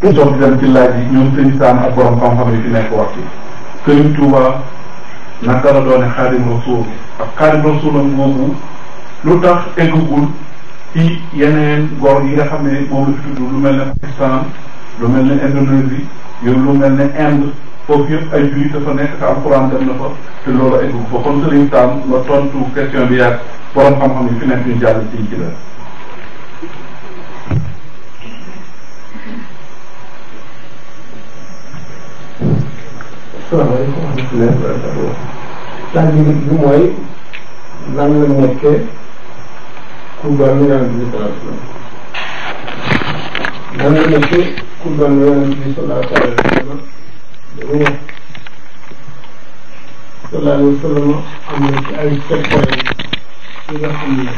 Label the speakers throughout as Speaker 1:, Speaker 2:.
Speaker 1: toog di dem ci laaj yi ñoom sëñ Saam ak borom xam-xam yi fi nekk wax ci sëñ Touba naka la doone xaadim rasul ak xaadim rasulam boobu lu tax eggagul ci yeneen góor yi nga xam ne moom fi tudd lu mel ne Pakistan lu mel ne Indonésie yow lu mel ne Inde foofu yëpp ay jullit dafa nekk te alxuraan dem na fa te loolu eggu fa kon sëriñ Saam tontu question bi yaag borom xam-xam yi fi nekk ñu jàll ci ci la salaamaaleykum
Speaker 2: wa am na ci ay secret yi nga xam ne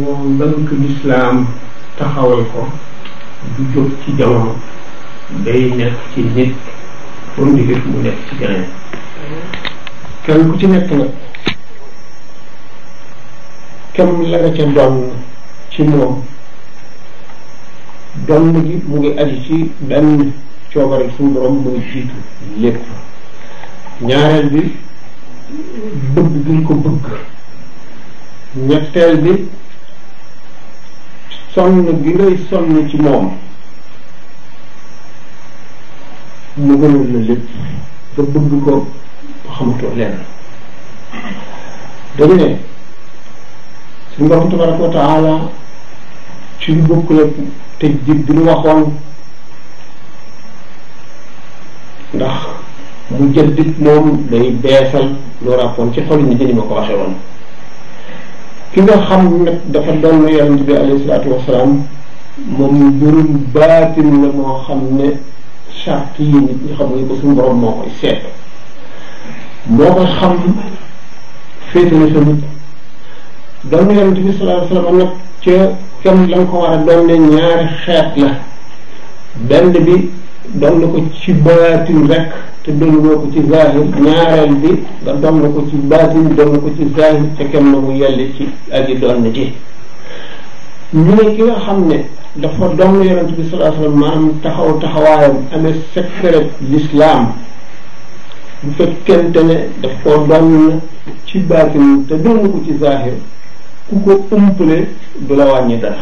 Speaker 2: moo lënk lislaam taxawal ko du jóg ci jamono day nekk ci nit ba mu jógee ci yeneen kenn nekk nag kenn la nga ca doon ci moom doon gi mu ngi aju ci benn coobare suñu borom mooy jiitu lépp ñaareel bi bëgg bi ko bëgg ñetteel bi sonn gi ngay sonn ci moom mu gënoon na lépp ba bëgg ko xamatoo leen dañu ne suñu borom tabaraka wa taala ci lu bokkul ak tëj bi ñu waxoon ndax mu jëddit moom day beesal loo ràppoon ci xol nit ñi ma ko waxee woon ki nga xam nag dafa doon yonent bi alayhi salaatu wasalaam moom mbirum baatin la moo xam ne charte yi nit ñi xam nga ko suñu borom moo koy seet moo ko xam féetale sa nit doomu yonent bi sallallahu alayhi wa sallam nag ca kenn la ko war a doon ne ñaari xeet la benn bi doon na ko ci baatin rek te doon na ko ci zahir ñaareel bi nga doon na ko ci baatin doon na ko ci zahir te kenn na mu yelli ci aji doon na ci ñu ne ki nga xam ne dafa doon yonent bi sallallahu alayhi wasallam taxaw taxawaayam amee secret l'islam bu fekkente ne daf koo doon ci baatin te doon ko ci zahir ku ko umpale du la wàññi dara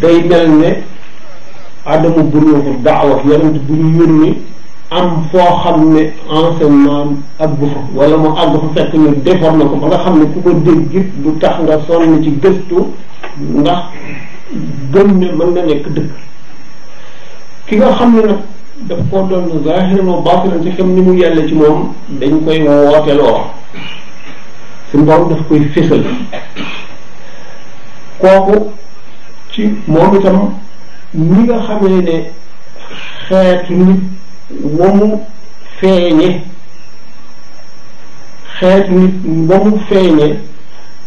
Speaker 2: day mel ne adamu buruuxu daawa yonent bu ñu yónni am foo xam ne enseignement àggu fa wala mu àgg fa fekk ñu déformé ko ba nga xam ne ku ko dégg du tax nga sonn ci gëstu ndax gëm ne mën na nekk dëkk ki nga xam ne nag daf koo doon zahiran wa baatinan ci xam ni mu yàlla ci moom dañ koy wooteloo suñu borom daf koy fésal kooku ci moom itam ñi nga xamee ne xeetu nit ba mu feeñe xeet nit ba feeñe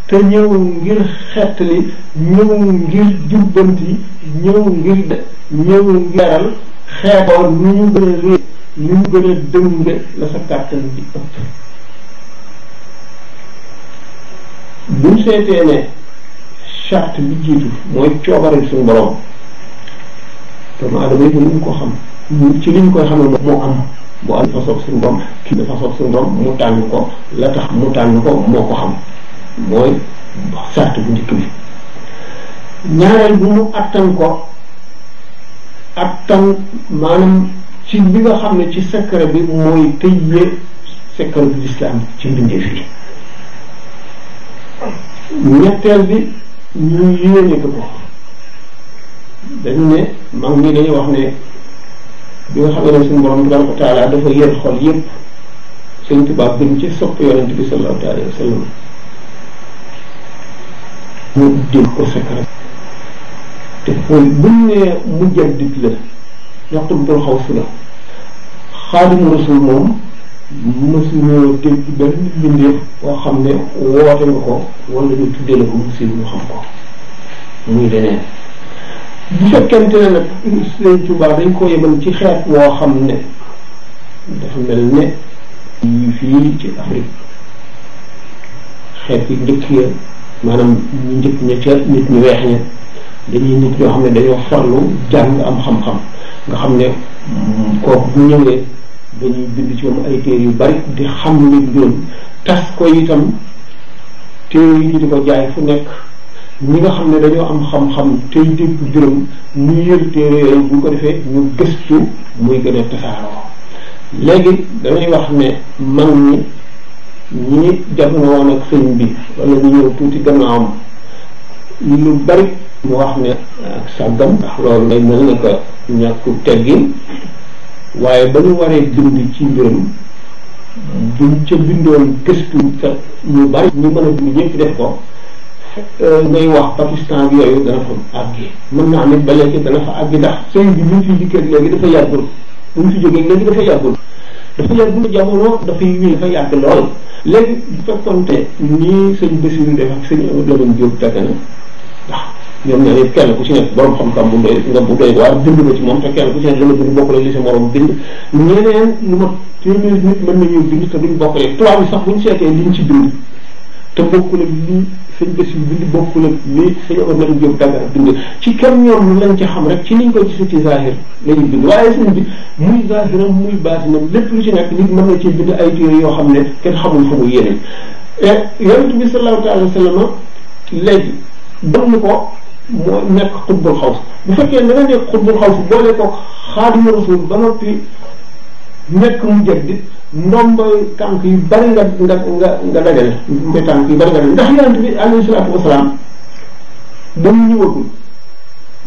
Speaker 2: te ñëw ngir xettali ñëw ngir jubbanti ñëw ngir ñëw ngir leeral xeetoon nu ñu gën a réer nu ñu gën la sa kàttan di ëpp bu seetee ne charte bi jiitu mooy coobare suñu borom doomu aadama yi mënuñ ko xam ci liñ koy xamal moo am bu am dafa soog suñu kii dafa soog suñu mu tànn ko la tax mu tànn ko moo ko xam mooy sart bu njëkk bi ñaareel bu mu attan ko attan maanaam ci bi nga xam ne ci secret bi mooy tëjee secret bi lislaam ci mbindeef yi ñetteel bi ñu yéene ko dañu ne mag ñi dañu wax ne bi nga xam ne suñu borom tabaraka wa taala dafa yër xol yépp sëñ tubaab bi ci sopp yonent bi sallallahu taala wa sallam mu dégg ko secret te fooy buñ ne mujaddid la ñaxtum bul xaw su la xaadimu rasul moom mësuñoo dégg benn mbindeef koo xam ne woote nga ko wala ñu tuddee la ko mu siiw ñu xam ko muy leneen bu fekkente ne nag Sëriñ Tuubaa dañ koo yemal ci xeet woo xam ne dafa mel ne yi fii ci Afrique xeet yi njëkk ya maanaam ñu njëkk ña ca nit ñu weex ña dañuy nit ñoo xam ne dañoo farlu jàng am xam-xam nga xam ne kooku bu ñëwee dañuy bind ci moom ay téere yu bari di xam li doon tas ko itam téere yi ñu di ko jaay fu nekk ñi nga xam ne dañoo am xam-xam tey dégg juróom ñu yër téere yooyu bu ko defee ñu gëstu muy gën a tasaaroo léegi damay wax ne mag ñi ñi jamono ak sëñ bi wala ñu ñëw bari mu wax ne ak sàggam ndax loolu ko ñàkku teggin waaye ba ñu waree bind ci mbiram buñ ca bindoon gëstu te ñu bari ñu mën a bind ñëpp def ko Euh, ngay wax Pakistan bi yooyu dana fa àgg mën naa nit ba léegi dana fa àgg ndax sëñ bi buñ fi dikkee léegi dafa yàggul buñ fi jógee léegi dafa yàggul dafa yàggul jamono dafay wéy dafa yàgg lool léegi bu fekkoon te nii sëñ Basiru def ak sëñ Lamine Jóob Dagana ndax ñoom ñoo ne kenn ku ci nekk borom xam-xam bu doy nga bu doy waar bind nga ci moom te kenn ku ci nekk dana bind bokkul ak li sa morom bind ñeneen lu ma téeméer nit mën nañu bind te duñ bokkale tubaab yi sax buñ seetee liñ ci bind te bokkul ak lii sëñ Basiru bind bokkul ak lii sëñ Omar Lam Diop Dagana bind ci kenn ñoom lañ ci xam rek ci niñ ko gisati zahir la ñuy bind waaye sëñ bi muy zahiram muy baatinam lépp lu ci nekk nit mën na ci bindi ay téere yoo xam ne kenn xamul fu mu yéene eh, yonent bi sallallahu taala wa sallama léegi doon ko moo nekk xutbul xaws bu fekkee da nga nekk xutbul xaws boole ko xaadimu rasul ba noppi nekk mu jaddit ndomba tànk yi bari nga nga nga nga dajale tànk yu bari nga dajale ndax yonent bi alayhi salaatu wasalaam dañu ñëwagul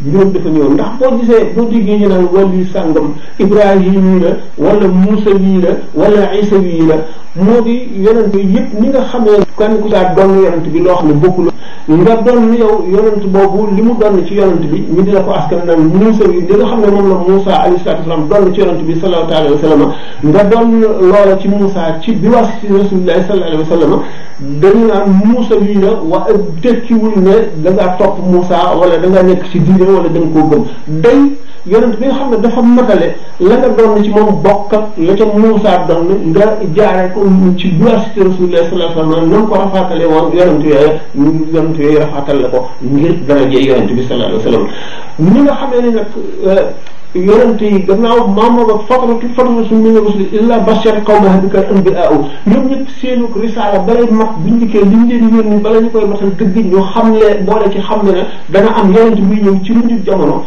Speaker 2: juróom dafa ñëw ndax boo gisee boo déggee ñu naan wàllu sàngam Ibrahim la wala Moussa bii la wala Isa bii la moo di yonent yëpp ni nga xam xamee kenn ku caa doon yonent bi loo xam ne bokkul nga doon yow yonent boobu li mu doon ci yonent bi ñu di la ko askan naan Muusa yi li nga xam ne moom la Muusa alayhi salaatu wasalaam doon ci yonent bi sallallahu alayhi wa sallam nga doon loola ci Muusa ci bi wax ci rasulillahi sallallahu alayhi wa sallam dañu naan Muusa yi la wa tekkiwul ne da ngaa topp Muusa wala da nekk ci diine wala da koo gëm day yonent bi nga xam ne dafa matale la nga doon ci moom bokk ak la ca Muusaa doon nga jaare ko ci diversité Rasulullah sallallahu alayhi wa sallam ko rafatale woon yonent yooyu yonent yooyu rafatal la ko ngir daraje yonent bi sallallahu alayhi wa sallam ñi nga xamee ne nag euh, yonent yi gannaaw maamam ak fatratu fatratu suñu mi nga rusli illa bashar qawmaha bi kal anbiya ñoom ñëpp seenu risaala balay mag buñ dikkee li ñu leen yónni bala ñu koy matal dëgg ñu xam le boole ci xam ne ne dana am yonent buy ñëw ci lu ñu jamono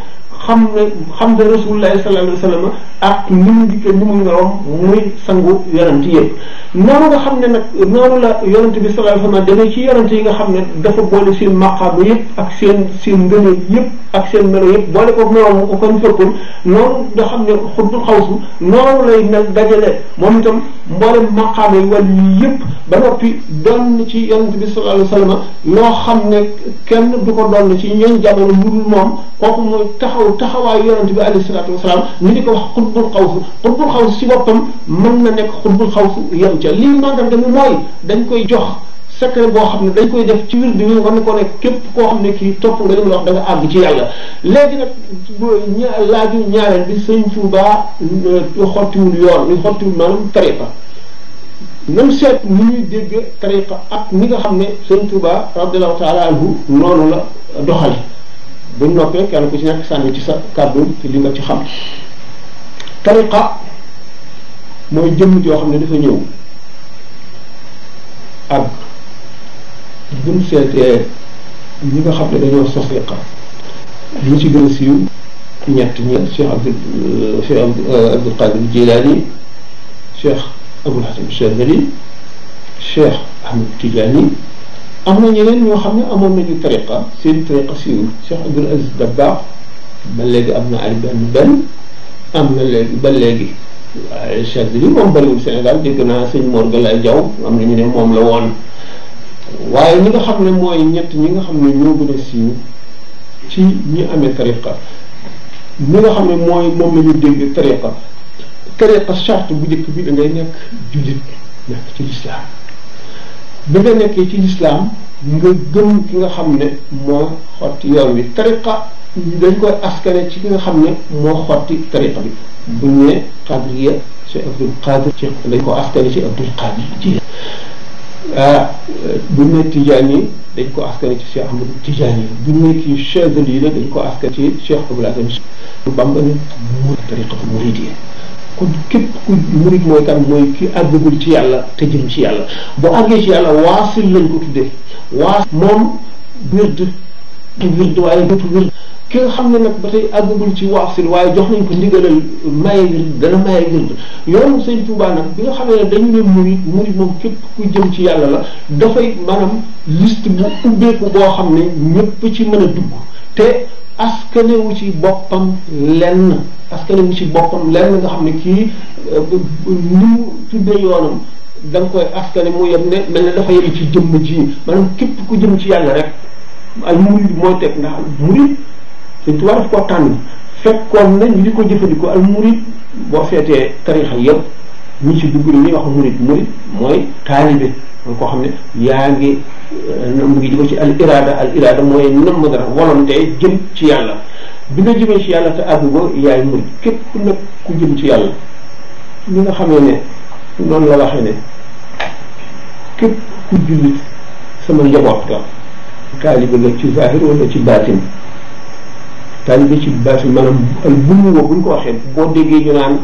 Speaker 2: xam ne xam ne rasulullah sallallahu alayhi wasallam ak ni mu dikkee ni mu ñorom muy sangu yonent yëpp noonu nga xam ne nag noonu la yonent bi sallallahu alayhi wasallam demee ci yi nga xam ne dafa boole seen maqaama yëpp ak seen seen ngëneel yëpp ak seen melo yëpp boole ko moroom ko kon fëppul noonu nga xam ne xuddu xawsu noonu lay nag dajale moom itam mboolem maqaama yi wàll yi yëpp ba noppi doon ci yonent bi sallallahu alayhi loo xam ne kenn du ko doon ci ñeen jamono lu dul moom kooku mooy taxaw taxawaayu yonent bi alayhi salaatu wasalaam ñu di ko wax xutbul xawf xutbul xawf si boppam mën na nekk xutbul xawf yem ca lii màggal tamit mooy dañ koy jox secret boo xam ne dañ koy def ci wird bi war na ko nekk képp koo xam ne kii topp nga li mu wax da nga àgg ci yàlla léegi nag ña laaju ñaareel bi sëñ Tuubaa euh, xottiwul yoon ñu xottiwul maanaam tariqa nam seet ni ñuy dégg tariqa ak ni nga xam ne sëñ Tuubaa radiyallahu taala anhu noonu la doxale bu noppee kenn ku ci nekk sànni ci sa kàddu ci li nga ci xam tariqa mooy jëmm joo xam ne dafa ñëw ak buñ seetee ñi nga xam ne dañoo sos fiqa li ci gën a siiw ñett ñi cheikh abdul euh, cheikh abdul euh, qadir jilani cheikh abul hasan chadhili cheikh ahmed tijani am na ñeneen ñoo xam ne amoon nañu tariqa seen tariqa siiwul Cheikh Abdoul Aziz Dabakh ba léegi am na ay benn benn am na léegi ba léegi waaye Cheikh bi moom bariwul Sénégal dégg naa sëñ Mor Galaye Diaw am na ñu ne moom la woon waaye ñi nga xam ne mooy ñett ñi nga xam ne ñoo gën a siiw ci ñi amee tariqa ñi nga xam ne mooy moom la ñu dégg tariqa tariqa charte bu njëkk bi da ngay nekk jullit nekk ci lislaam bi nga nekkee ci lislaam nga gëm ki nga xam ne moo xotti yoon wi tariqa dañ koy askane ci ki nga xam ne moo xotti tariqa bi bu ñu nee qadriya ci Abdul Qadir ci dañ ko askane ci Abdul Qadir ci ah bu ñu nee tijaan yi dañ ko askane ci Cheikh Ahmadou Tidiane bu ñu nee kii chazal yi dañ ko askane ci Cheikh Abdoul Aziz ku képp ku murit mooy kan mooy ki àggagul ci yàlla te jëm ci yàlla bu àggee ci yàlla waasil lañ ko tuddee waas moom wird du wird waaye dootu wird ki xam ne nag ba tey àggagul ci waasil waaye jox nañ ko ndigalal maye wird dana maye wird yoonu Tuubaa nag bi nga xam ne dañu ne murit murit moom képp ku jëm ci yàlla la dafay maanaam liste bu ubbeeku boo xam ne ñëpp ci mën a dugg te askanewu ci boppam lenn askanewu ci boppam lenn nga xam ne kii euh, ni mu yoonam da nga koy askane mu yem ne mel ne dafa yem ci jëmm ji maanaam képp ku jëm ci yàlla rek ay murid mooy teg ndax murid suñ tubaab daf ko tànn fekkoon di ko jëfandikoo al murid boo seetee tarixa yëpp ñi ci dugg li ñuy wax murid murid mooy taalibe mooy koo xam ne yaa ngi euh, mu ngi jóge ci al irada al irada mooy nam dara volonté ci yàlla bi nga jëmee ci yàlla te àgg ba yaay mujj képp ku jëm ci yàlla li nga xamee ne noonu la waxee ne képp ku jullit sama njaboot la taalibe la ci zahir wala ci baatin taalibe ci baatin maanaam al buñu woo buñ ko waxee boo déggee ñu naan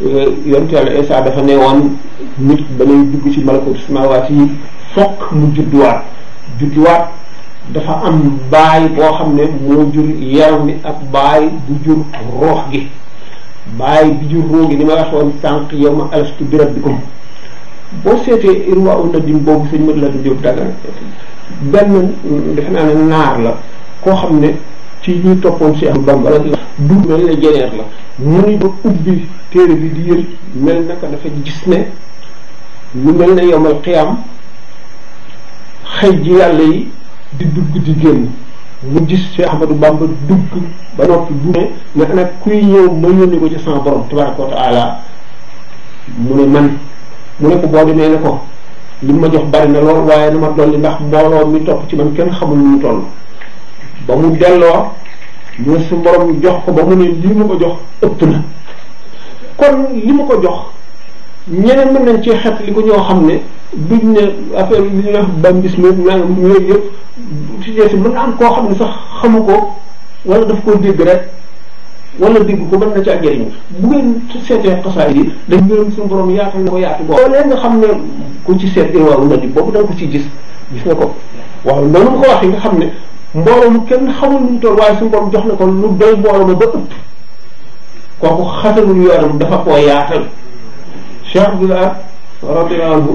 Speaker 2: yonent yàlla Isa dafa ne woon nit balay dugg ci malakutu samawaat yi fokk mu judduwaat judduwaat dafa am baay boo xam ne moo jur yaram bi ak baay bu jur roox gi baay bi jur roox gi ni ma waxoon sànq yow ma alastu bi rabbikum boo seetee irwa un na dim boobu sëñ mën la di jóg dagga naa ne naar la koo xam ne ci ñuy toppoon si am bamba la du mel ne jeneer la mu ni ba ubbi téere bi di yër mel naka dafa gis ne mu mel ne yomal xiyaam xëy ji yàlla yi di dugg di génn mu gis Cheikh Ahmadou Bamba dugg ba noppi bu ne ne nag kuy ñëw ma yónni ko ci sama borom tabaraka wa mu ne man mu ne ko boo demee ne ko li ma jox bari na lool waaye nu ma dolli ndax mbooloo mi topp ci man kenn xamul lu mu toll ba mu delloo mu su borom jox ko ba mu ne lii ma ko jox ëpp na kon li ma ko jox ñeneen mën nañ ci xet li ko ñoo xam ne duñ ne affaire li ñuy wax bambisme nangam yooyu yëpp sujet si mën am koo xam ne sax xamu ko wala daf koo dégg rek wala dégg ko mën na ci ak bu ngeen seetee xasaay yi dañ ngërëm suñu borom yaatu na ko yaatu boo xam ne ku ci seet waaw na di boobu da ci gis gis ko waaw noonu ko wax yi nga xam ne mbooloo mu kenn xamul lu mu toll waaye suñu borom jox na ko lu doy mbooloo ma ba ëpp kooku xasanul yoonam dafa koo yaatal Cheikh Abdoul Ahad radiyallahu anhu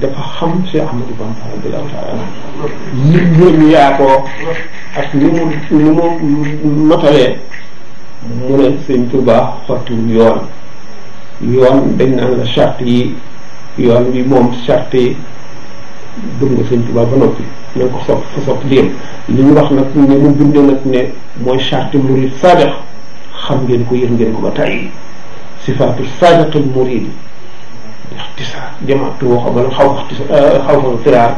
Speaker 2: dafa xam Cheikh Ahmadou Bamba radiyallahu ta'ala anhu nit ñooñu yaatoo ak ni mu ni mu notalee mu ne sëñ Tuubaa xottul yoon yoon dañ naan la charte yi yoon bi moom charte yi dugg nga sëñ Tuubaa ba noppi na nga ko li ñu wax na ne mu binde nag ne mooy charte murid saadax xam ngeen ko yër ngeen ko ba tàyyi sifaatu saadatul murid ixtisaar jamaatu woo xamal xaw euh, xaw xaw firaar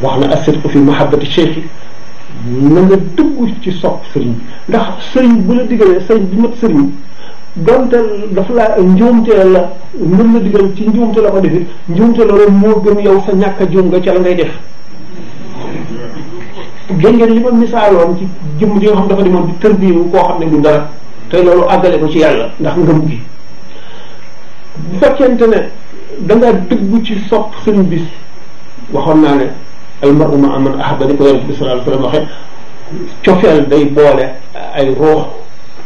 Speaker 2: wax na asir ko fi mahabbati cheikh yi na nga dugg ci sopp sëriñ ndax sëriñ bu la diggalee sëriñ bi mat sëriñ donte dafa la mën la diggal ci njuumte la ko defit njuumte loolu moo gën yow sa ñàkk a juum nga ca la ngay def dégg ngeen li ma misaaloon ci jëmm ji nga xam dafa demoon di tërbiwu koo xam ne du dara te loolu àggale ko ci yàlla ndax ngëm gi bu fekkente ne da nga dëggu ci sopp sëriñ bis waxoon naa ne ay maru ma aman ahaba ko yonent bi sallallahu alayhi wasallam waxe cofeel day boole ay ruux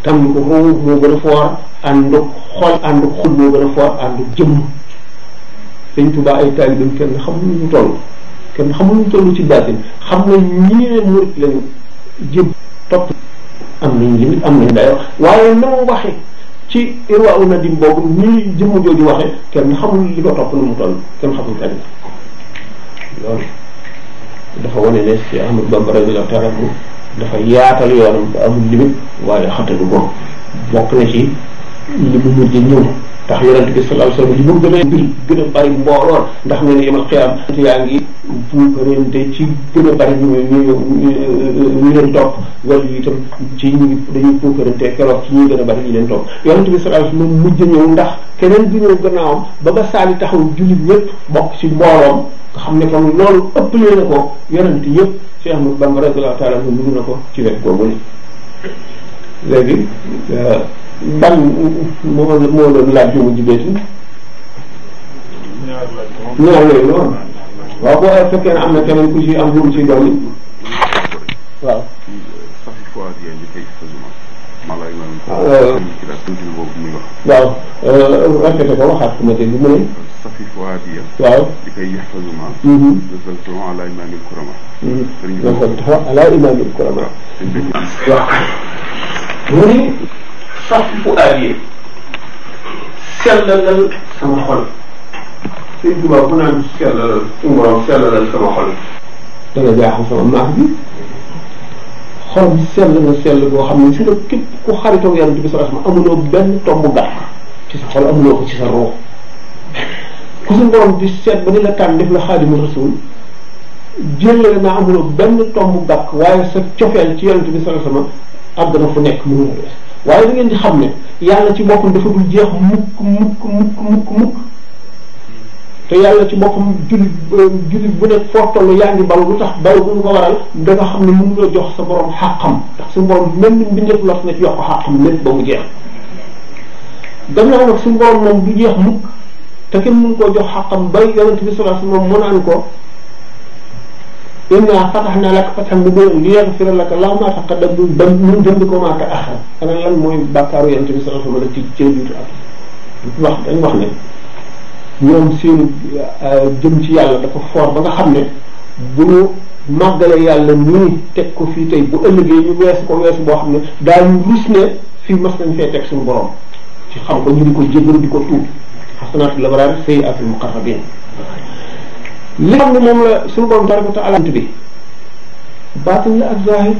Speaker 2: tam ruux moo gën a foor àndu xol àndu xul moo gën a foor àndu jëmm sëñ Tuubaa ay taalibeem kenn xamuñu toll kenn xamuñu toll ci baatin xam nañ ñii ne murit lañu topp am nañ limite am nañ dayoo waaye na mu waxe ci irwaawu nadim boobu nii jëmm jooju waxe kenn xamul li ko topp nu mu toll kenn xamul kañ loolu dafa wane ne si Ahmadu Bamba radiyallahu taala anhu dafa yaatal yoonam amul limite waaye xatalu ko bokk na ci li mu mujj ñëw tax yonent bi sallallahu alayhi wasallam yi mu gën a mbir gën a bari mbooloon ndax nee na yemal xiyam yaa ngi puukarante ci gën a bari ñu ñu euh, ñu leen topp ci ñu dañuy puukarante keroog ci ñuy gën a ñu leen topp yonent bi sallallahu alayhi wasallam mujj ñëw ndax keneen bi ñëw gannaawam ba ba saali taxaw jullit ñëpp bokk ci mbooloom nga xam ne kon loolu ëpplee na ko yonent yëpp Cheikh Ahmadou Bamba radiyallahu ta'ala mu na ko ci wet googu léegi euh, ban moo moo doon laaj yu mujj beeti
Speaker 3: ñaar yooyu noonu
Speaker 2: waaw boo fekkee ne am na keneen ku ci am lu mu ci dolli
Speaker 4: waaw waaw euh, répété ko waxaat ko ma dégg mu ne safi fuadiya waaw di koy yaxfazuma nazaltu ala imamil kurama nazaltu ala imamil kurama waaw
Speaker 2: mu ne safi fuaadi sellalal sama xol sëñ Tuba bu naan sellalal suñu borom sellalal sama xol dana jaaxal sama maax bi xolam sell na sell boo xam ne su ne képp ku xaritoo yàlla bi sa amuloo benn tomb gàtt ci sa xol amuloo ko ci sa roo ku suñu borom di seet ba di la tànn def la xaadimu rasul jëlale naa amuloo benn tomb gàkk waaye sa cofeel ci yonent bi sala sama àgg na fu nekk mënula des waaye da ngeen di xam ne yàlla ci boppam dafa dul jeex mukk mukk mukk mukk mukk te yàlla ci boppam jullit jullit bu nekk foo toll yaa ngi balu lu tax balu bu ko waral da xam ne mënu jox sa borom xàqam ndax sa borom mel ni mbindeef los na ci jox jeex gannaaw nag suñu borom moom du jeex mukk te kenn mënu koo jox xàqam bay yonent bi sallallahu alayhi wasallam mu naan ko inna fatahna laka fathan mubinan liyaghfira laka Allahu ma taqaddama min dhanbika wa ma ta'akhkhara ana lan mooy bàkkaaru yonent bi sallallahu alayhi wasallam ci ci jiitu ak wax dañ wax ne ñoom seen jëm ci yàlla dafa foor ba nga xam ne bu ñu màggale yàlla nii teg ko fii tey bu ëllëgee ñu weesu ko weesu boo xam ne daañu rus ne fii mas nañ fee teg suñu borom ci xam ko ñu di ko jéggalu di ko tuub xasanaatu labraar sayyi'aatul muqarrabiin li xam ne moom la suñu borom tabaraka wa taala bi baatin la ak zahir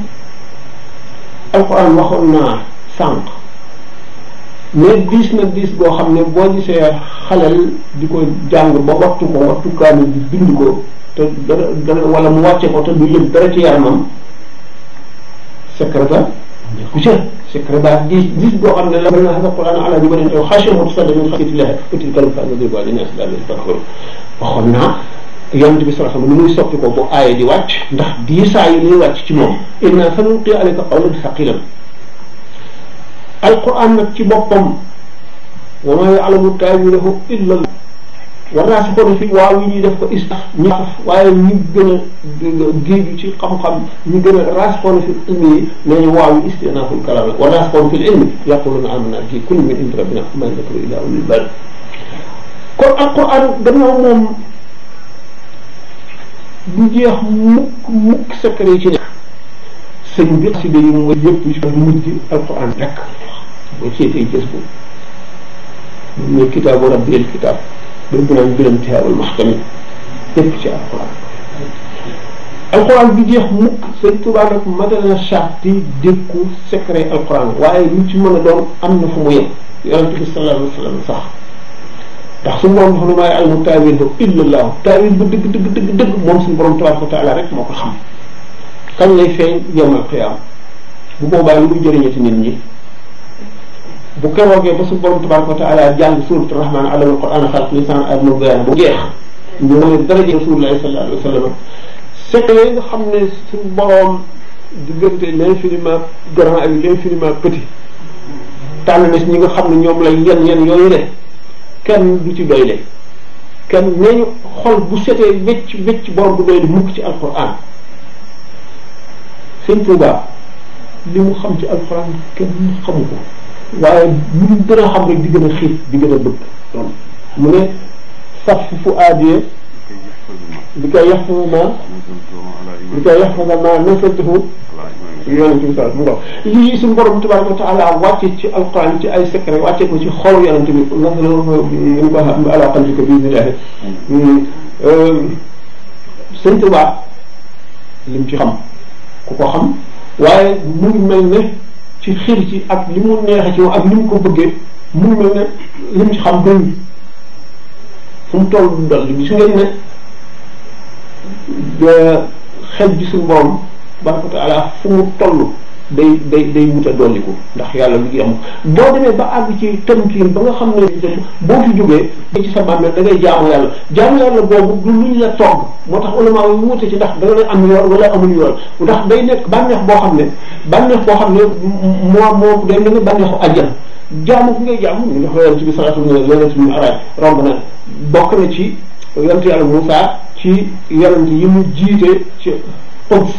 Speaker 2: alquran waxoon naa sànq mais diis na diis boo xam ne boo gisee xalal di ko jàng ba wattu ko wattu kaamil bi bind ko te dana dana wala mu wàcce ko te du yëg dara ci yaramam secret ba nekku ca secret ba diis diis boo xam ne la na hada quran ala jubatin xashimu tasadda min xasiyati llahi wa tilka al-amthal nadribuha linnas la'allahum yatafakkarun waxoon naa yonent bi sallallahu alayhi wasallam ni muy soppi ko bu aaya di wàcc ndax diisaa yi muy ci moom inna sanulqi alayka qawlan saqilan alquran nag ci boppam wa ma ya'lamu ta'wilahu illa war naa si xool fi waaw yi ñuy def ko istaf ñu waaye ñu gën a géeju ci xam-xam ñu gën a raas xool fi ilmi yi nee ñu waaw yi istinaaful kalaam la war naa si xool fi ilmi yaquluna amanna bi kulli min indi rabbina ma dhikru illa ulil albab kon alquran gannaaw moom du jeex mukk mukk secret ci nekk sëñ bi xasida yi mooy yëpp ci mujj alquran rek boo seetee gis ko ñu ne kitaabu rabbil kitaab ba mu naan biram teewal max tamit yëpp ci alquran alquran du jeex mukk sëñ Tuubaa nag matal na sarti dékku secret alquran waaye lu ci mën a doon am na fu mu yem yonente bi sallallahu alayhi wa sallam sax ndax su borom xam ne maay almu taawil ba illallahu taawil bu dëgg dëgg dëgg moom suñu borom tabaraka wa taala rek moo ko xam kañ lay feeñ yawmal qiyaam bu boobaa lu muy jëriñati nit ñi bu keroogee ba suñu borom tabaraka wa taala jàng suuratu rahmaan alamal qur'aan xalaq lisaan adna bayaan bu jeex ñu mën a daraje rasulullahi sallallahu alayhi wa sallam sekk yooyu nga xam ne suñu borom diggante l'infiniment grand ak l'infiniment petit tànn na si ñi nga xam ne ñoom lay yen yen kenn du ci doyle kenn nee ñu xol bu setee wécc wécc borom du doyle mukk ci alxuraan sëñ Tuuba li mu xam ci alxuraan kenn xamu ko waaye ñu gën a xam rek di gën a xiif di gën a bëgg loolu mu ne saf fu aadiyee li koy yax fa ma li koy yax fa ma nasaltuhu yonente bi mu ngox lii suñu borom tabaraka wa taala wàcce ci alquran ci ay secret wàcce ko ci xol yonente bi naslolun ko ala qalbika bi idnillahi hmm. sëñ Tuba li mu ci xam ku ko xam waaye mu ngi mel ne ci xir ci ak li mu neexee ci moom ak li mu ko bëggee mu ngi mel ne li mu ci xam bëñ fu mu toll dol bi su ngeen ne euh, xel bi suñu borom tabaraka taala fu mu toll day day day wut a ndax yàlla lu ngi am boo demee ba àgg ci tamkiin ba nga xam ne boo fi jógee ci sa da ngay jaamu yàlla jaamu yàlla boobu du luñ la moo tax ulama yi wute ci ndax da am yoon wala amul yoon day nekk bànneex boo xam ne bànneex boo xam ne moo moo day nekk bànneexu àjjana jaamu ku ngay jaamu ndax yonent bi sallallahu alayhi wasallam yonent bi araaj romb na bokk na ci yonent yàlla Muusaa ci yonent yi mu jiite ci Quds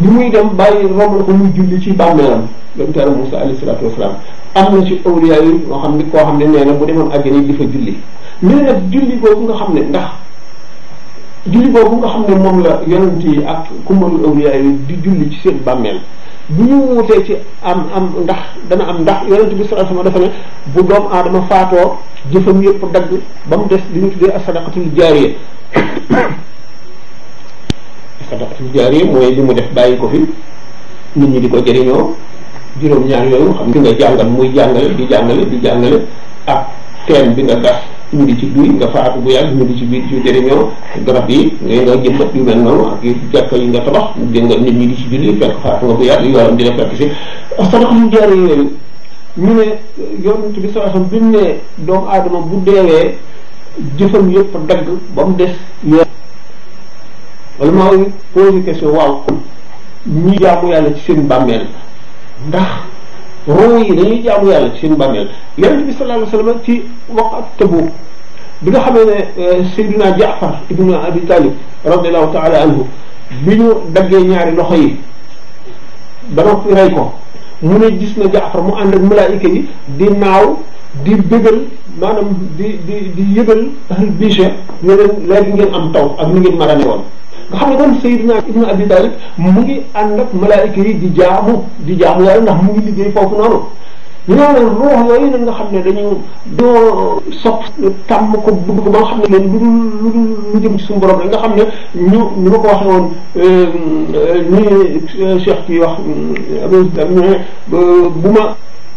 Speaker 2: bi muy dem bàyyi romb na ko muy julli ci bàmmeelam yonent Yàlla Musa alayhi salaatu wasalaam am na ci awliya yi moo xam ne koo xam ne nee na bu demoon àjjana di fa julli ñu ne julli boobu nga xam ne ndax julli boobu nga xam ne moom la yonent yi ak kumalu awliya yi di julli ci seen bàmmeel bu ñu wutee ci am am ndax dana am ndax yonent bi sallallahu alayhi wasallam dafa ne bu doomu aadama faatoo jëfam yëpp dagg ba mu des li ñu tuddee as-sadaqatul jaariya sadaqatul jaariya mooy li mu def bàyyi ko fi nit ñi di ko jëriñoo juróom-ñaar yooyu xam nga jàngal muy jàngale di jàngale di jàngale ak teen bi nga gas ñu ngi ci biir nga faatu bu yàgg ñu ngi ci biir ci jëriñoo garab yi ngay nga jëmbat yu mel noonu ak jàkka yi nga tabax dégg nit ñi di ci julli fekk faatu nga bu yàgg yoonam dina fekk si sadaqatul jaariya yooyu ñu ne yonent bi saa xam bi mu ne doomu aadama bu deewee jëfam yëpp dagg ba mu des wala ma posé question waaw ñi jaamu yàlla ci seen bàmmeel ndax roo yi dañuy jaamu yàlla ci seen bàmmeel yonent bi sallallahu alayhi wasallam ci waqat Tabuk bi nga xamee ne euh, Seydina Jaafar ibnu Abi Talib radiyallahu ta'ala anhu bi ñu daggee ñaari loxo yi ba noppi rey ko mu ne gis na Jaafar mu ànd ak malaayika yi di naaw di bëggal maanaam di di di yëgal ahl biche ne leen léegi ngeen am taw ak ni ngeen marane woon nga xam ne kon Seydina Ibnu Abi Talib mu ngi ànd ak malaayika yi di jaamu di jaamu yàlla ndax mu ngi liggéey foofu noonu ñu ne nag ruux yooyu nag nga xam ne dañu doo sopp tàmm ko bëgg ko ba nga xam ne leen lu dul lu jëm ci suñu borom la nga xam ne ñu ñu ma ko waxee woon euh, euh, ni Cheikh bi wax euh, bu ma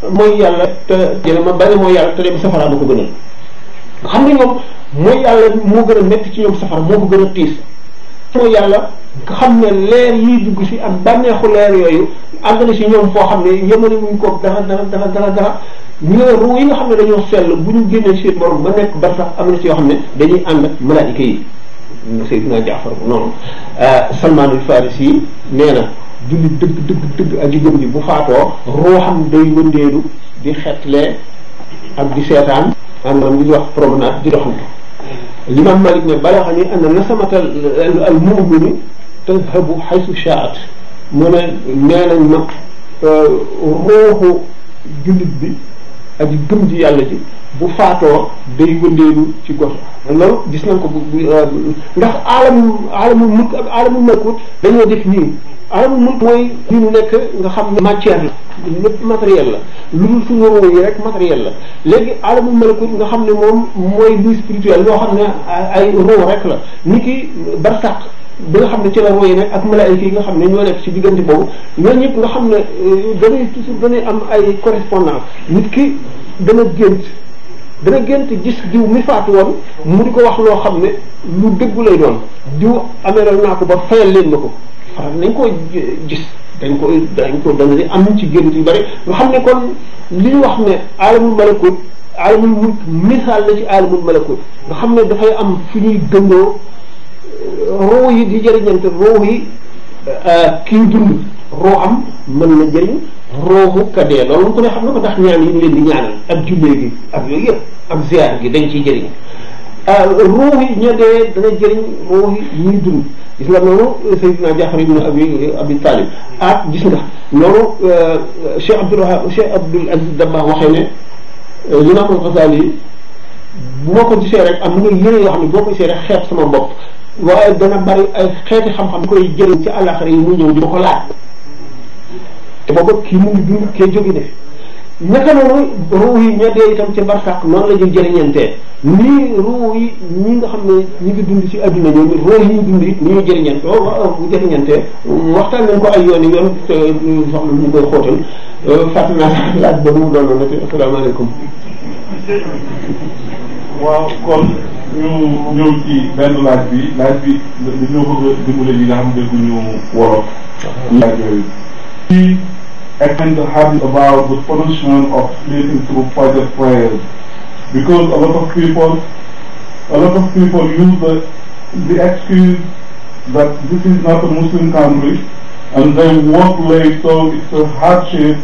Speaker 2: mooy yàlla te jële ma bari mooy yàlla te dem safara ma ko gënal nga xam ne ñoom mooy yàlla moo gën a métti ci ñoom safara moo ko gën a tiis mooy yàlla nga xam ne leer yiy dugg si ak bànneexu leer yooyu àgg na si ñoom foo xam ne yëmale wuñ ko dara dara dara dara dara ñu ne ruu yi nga xam ne dañoo sell bu ñu génnee si borom ba nekk bar sax am na ci yoo xam ne dañuy ànd ak malaayika yi Seydina Jaafar noonu euh, Salmaanul Farisi nee na julli dëgg dëgg dëgg ak jëm ji bu faatoo roo xam day wëndeelu di xetlee ak di seetaan am na li ñuy wax promenade di doxantu l'imam Malik ne balaa xam ne am na nasamata al mumini tadhabu haythu sha'at mu ne nee nañ ma euh, ruuxu jullit bi ak gëm ji yàlla ji bu faatoo day wëndeelu ci gox loolu gis nañ ko bu euh, ndax aalamu aalamu mut ak aalamu malkut dañoo def nii alal mën mooy li nekk nga xam ne matière la lépp la lu dul suñu robo yi rek matériel la léegi alamul malakut nga xam ne moom mooy lu spirituel loo xam ne ay roo rek la ni ki barsàq bi nga xam ne ci la royi nekk ak malaayika yi nga xam ne ñoo nekk ci diggante boobu ñooñu ñëpp nga xam ne euh, dañuy toujours am ay correspondance nit ki dana gént dana gént gis diw mu faatu woon mu di ko wax loo xam ne lu dëggu lay doon diw ameeral naa ko ba fayal leen ma ko faral nañ koo dañ ko dañ ko dañ di am ci gént yu bari nga xam ne kon li ñu wax ne alamul malakut alamul mulk misaal la ci alamul malakut nga xam ne dafay am fu ñuy dëngoo euh, roo yi di jëriñante roo yi euh, kii dund roo am mën na jëriñ roomu kadee loolu ku ne xam ne ko tax ñaan yi ñu leen di ñaanal ak jullee gi gi dañ ciy jëriñ euh, roo yi ña dee dana jëriñ roo yi gis nga noonu Seydina Jaafar ibn Abi Abi Talib ah gis nga noonu euh, Cheikh Abdoul Wahab Cheikh Abdoul Aziz Dabakh waxee ne euh, Imam al-Ghazali yi bu ma ko gisee rek am na yére yoo xam ne boo ko gisee rek xeeb sama bopp waaye dana bari ay xeeti xam-xam bu koy jëriñ ci àllaxira yi mu ñëw di ma ko laaj te booba kii mu ngi dund kee jóge ne naka noonu ruu yi ña dee itam ci barsàq noonu la jëriñantee nii ruu yi ñi nga xam ne ñu ngi dund ci adduna ñoom ruu yi ñu dund ni ñuy jëriñantee waxtaan nañ ko ay yoon yoon soxla ñu koy xóotal euh, fàttali naa laaj ba mu doon noonu te asalaamaaleykum
Speaker 1: waaw kon ñu ñëw ci benn laaj bi laaj bi dañoo bëgg a dimbale yi nga xam ne dégguñu wolof laaj yooyu attend the habit about the pollution of sleeping through Fajr prayers because a lot of people a lot of use the excuse that this is not a Muslim country and they work late so it's a hardship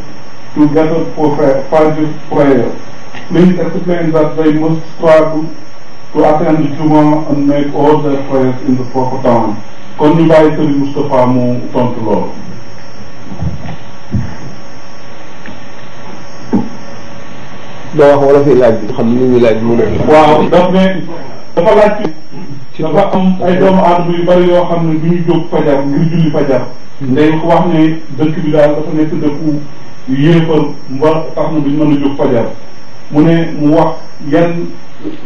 Speaker 1: to get for Fajr prayer. Please explain that they must struggle to attend Juma and make all their prayers in the proper time. kon ñu mu tontu
Speaker 2: doo wax wala fi laaj bi. xam ni ñu laaj mu ne. waaw
Speaker 1: daf ne dafa laaj dafa am ay doomu aadama yu bari yoo xam ne du ñu jóg fajar ngir julli fajar. ndey wax ne dëkk bi daal dafa nekk dëkku yéefar mba tax na duñ mën a jóg fajar mu ne mu wax yan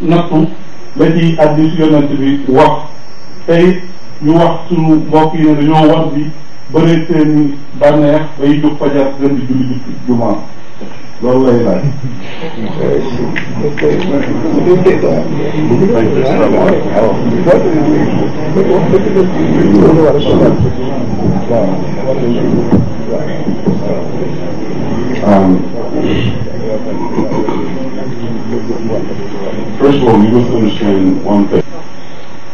Speaker 1: nattu la ne dañoo war bi bëree seen bànneex bay jóg fajar gën di julli jumaa loolu lay laaj.
Speaker 4: First of all, you must understand one thing.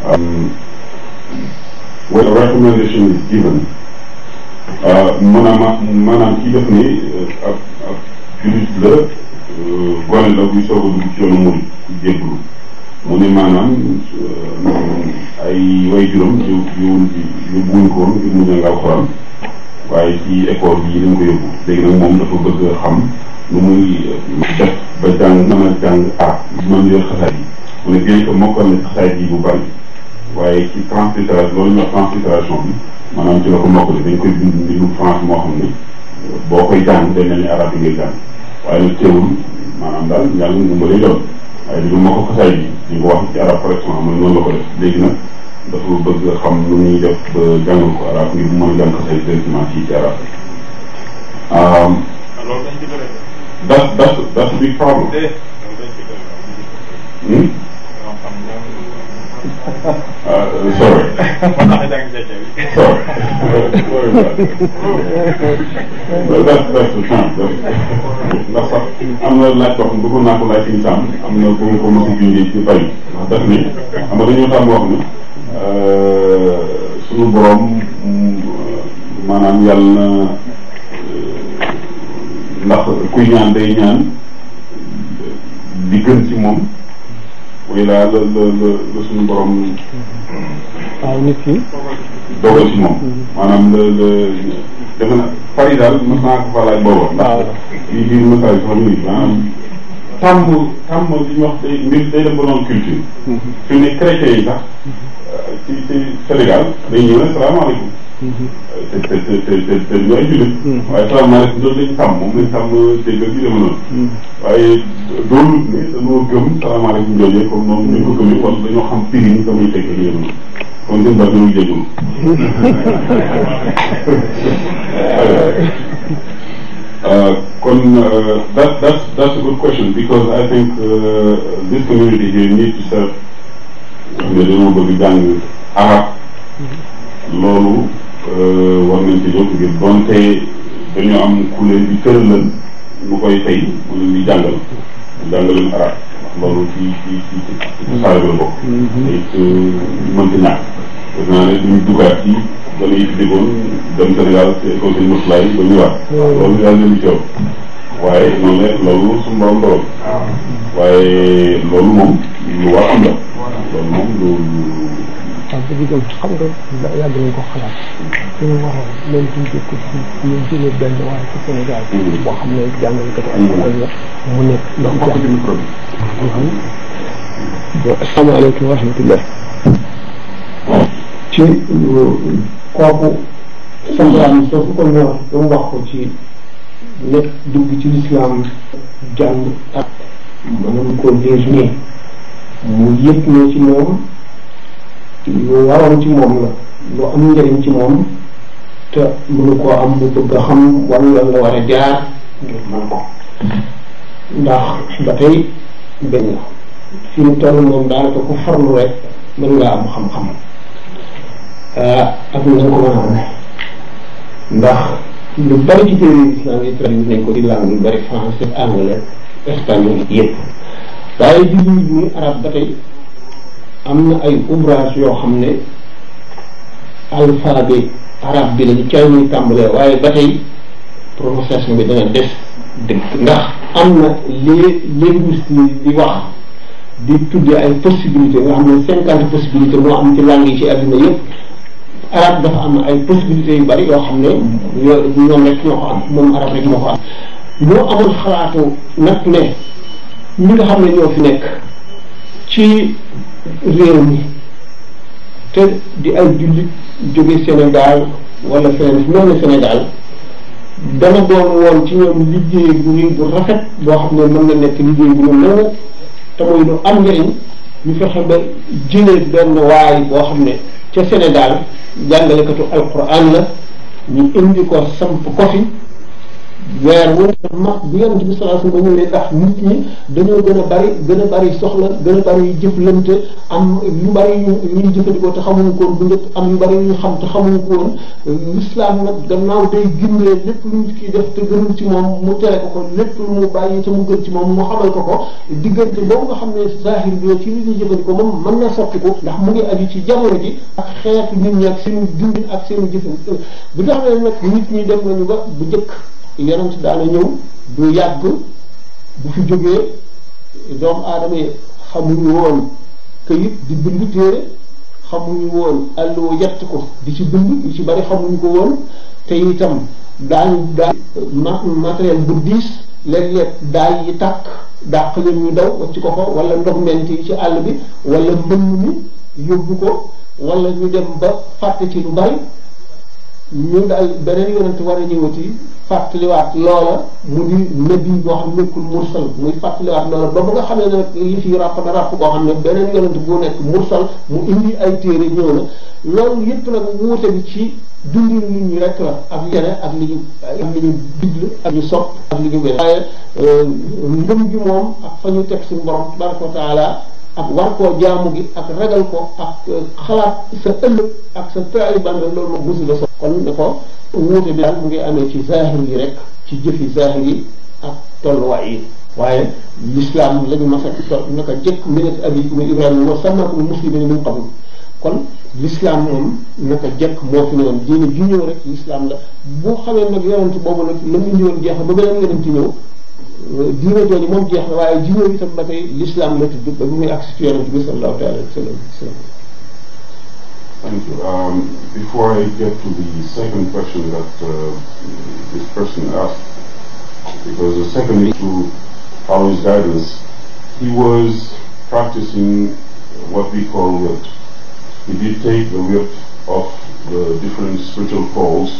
Speaker 4: Um, is given, uh, maanaam maanaam ki def ni uh, jullit la gone euh, la buy soog a dugg ci yoonu murid jébbalu mu ne maanaam euh, ay way juróom yu yu yóbbuwuñ ko woon ngir mu jàng alxuraan waaye ci école yi lañ ko yóbbu léegi nag moom dafa bëgg xam nu muy euh, ba jàng mën a jàng aar mën yor xasaay yi mu ne bien que mokkal na yi bu bari waaye ci translittération loolu ñu wax bi maanaam ci la ko mokkale dañ koy bind mbindum France moo xam ne boo koy jàng day mel arab yi ngay jàng waaye nag teewul maanaam daal njàngum gumba lay doon waaye ko xasaay bi di wax ci arab correctement mooy noonu la ko def léegi nag ba jàngal ko arab ngir mën a jàng xasaay directement ci ci arab that's that's that's a big problem
Speaker 3: sorry. sorry. that's that's the chance ndax sax am na laaj boo naa ko laaj
Speaker 4: suñu am na bu ñu ko mos a junjee ci bay ndax daf ni xam nga dañoo tàmm wax ni suñu borom maanaam yàlla na ndax kuy ñaan day ñaan di gën ci moom. muy laa la la la suñu borom. waaw ah, nit ki. dogal ci moom. maanaam la la defe na Paris daal mos naa ko fa laaj booba. waaw ah. lii biir message bi sax mu ngi maanaam tàmm tàmm li ñuy wax day mbir day dem ba noonu culture. Mhm. fi mu ne chrétien yi sax euh, ci ci Sénégal day ñëw ne salaamaaleykum. te te te te te du ay jullit. waaye salaamaaleykum loolu la ñu sàmm moom la ñu sàmm dégg ak yu demee noonu. waaye doonul ne dañoo gëm salaamaaleykum jooju comme noonu ñu ko gëmee kon dañoo xam firi ñu samay teg ak yu demee noonu kon seen bàtt ñu jégalu. kon that that that's a good question because I think uh, this community here needs to serve. nga dañoo bëgg jàng arab loolu. Euh, war nañ ci jóg ngir donte dañoo am kuréel bi tëralal ñu koy fay mu leen di jàngal jàngaluñ arab ndax loolu ci ci ci ci ci saare bi la bokk. Mhm. it euh, mënti ñàkk. defe naa ne duñ duggaat yi fi déggoon dem Sénégal ci école seen mosulaa yi ba ñëwaat. waaye loolu suñu borom doon. waaye loolu moom lu war am loolu moom lu.
Speaker 2: tax bi digal xam nga yàgg nañ ko xalaat suñu waroon même duñ jëkk ñu jëlee benn waaye ci Sénégal boo xam ne jàngalkat alxuraan la mu nekk ndax bokk ci micro bi asalaamaaleykum wa rahmatullah ci euh, kooku soxlaam soofu ko ñor ba mu wax ko ci nekk dugg ci lislaam jàng ak mënam ko liir nii mu yëg ne ci moom lu waroon ci moom la lu am njariñ ci moom te mënu koo am mu bëgg a xam wala la war a jaar ngir mën ko ndax ba tey benn la fi mu toll moom daanaka ku farlu rek mën ngaa am xam-xam ah, ak na ko mën ndax lu bari ci téere islam yi nañ ko ci langue yu bari français anglais espagnol yëpp waaye jiwu ñu arab ba tey am na ay ouvrage yoo xam ne alphabet arabe bi lañu cay muy tàmbalee waaye ba tey prononciation bi dana def dëgg ndax am na les linguistes di wax di tuddee ay possibilités nga xam ne cinquante possibilités moo am ci langue ci àdduna yëpp arab dafa am ay possibilités yu bari yoo xam ne ñoom rek ñoo ko am moom arab rek moo ko am ñoo amul xalaatu nag ne ñi nga xam ne ñoo fi nekk ci réew mi te di ay jullit jóge Sénégal wala feneen fi mel Sénégal dama doon woon ci ñoom liggéey bu ñuy bu rafet boo xam ne mën na nekk liggéey bu ñu nangu te muy lu am njëriñ ñu fexe ba jëlee benn waay boo xam ne ca Sénégal jàngalekatu alquran la ñu indi ko samp ko fi weer wu nekk ma bi yonent bi sallallahu alayhi wasallam ñëwee tax nit ñi dañoo gën a bari gën a bari soxla gën a bari jëflante am yu bari yu ñuy jëfandikoo te xamuñu ko woon bu njëkk am yu bari yu ñu xam te xamuñu ko woon l'islam nag gannaaw day gindee lépp lu ñu ciy def te gënul ci moom mu tere ko ko lépp lu mu bàyyi te mu gën ci moom mu xamal ko ko diggante boobu nga xam ne zahir bi ci li ñuy jëfandikoo moom mën na soppi ko ndax mu ngi aju ci jamono ji ak xeetu nit ñi ak seen dundin ak seen jëfandikoo bu tax nag nit ñi dem nañu bu njëkk yonent daana ñëw du yàgg bu fi jógee doomu aadama yi xamuñu woon këyit di bind téere xamuñu woon àlloo yett ko di ci bind yu ci bari xamuñu ko woon te itam daañu daa ma matériel bu diis léeg-léeg daay yi tàkk dàq leen ñu daw wacc ko ko wala ndox ment yi ci àll bi wala mbënn mi yóbbu ko wala ñu dem ba fàtte ci lu bari ñu daal beneen yonent war a ñëwati fàttaliwaat loola mu di nabi boo xam nekkul mursal muy fàttaliwaat loola ba ba nga xamee ne nag yëf yi ràpp xam ne beneen yonent bu nekk mursal mu indi ay téere ñëw na loolu yépp nag wuute bi ci dundin nit ñi rek la ak yene ak li ñu ak li ñu digle ak li ñu mel waaye euh, ngëm gi moom ak fa ñu teg suñu borom tabaraka wa taala ak war koo jaamu gi ak ragal ko ak euh, xalaat sa ëllëg ak sa taay ban loolu moom musu la so kon ne ko wuute bi daal mu ngi amee ci zahir yi rek ci jëfi zahir yi ak tolluwaay yi waaye l'islam la ñu mas a to naka jëkk minat abi mu ibrahima moo sàmmakum muslimin min qabl kon l'islam moom naka jëkk moo fi ne woon diine ju ñëw rek l'islam la boo xamee nag yonent boobu nag la mu indiwoon jeex ba beneen yonent ñëw diine jooju moom jeex na waaye diine bi tam ba tey l'islam la tudd ba muy agsi ci yonent bi sallallahu taala alayhi wa sallam.
Speaker 4: Um, I get the second question that uh, this person asked, the second issue follows guidance, he was practicing what we call wit. He did take the wit of the different spiritual calls.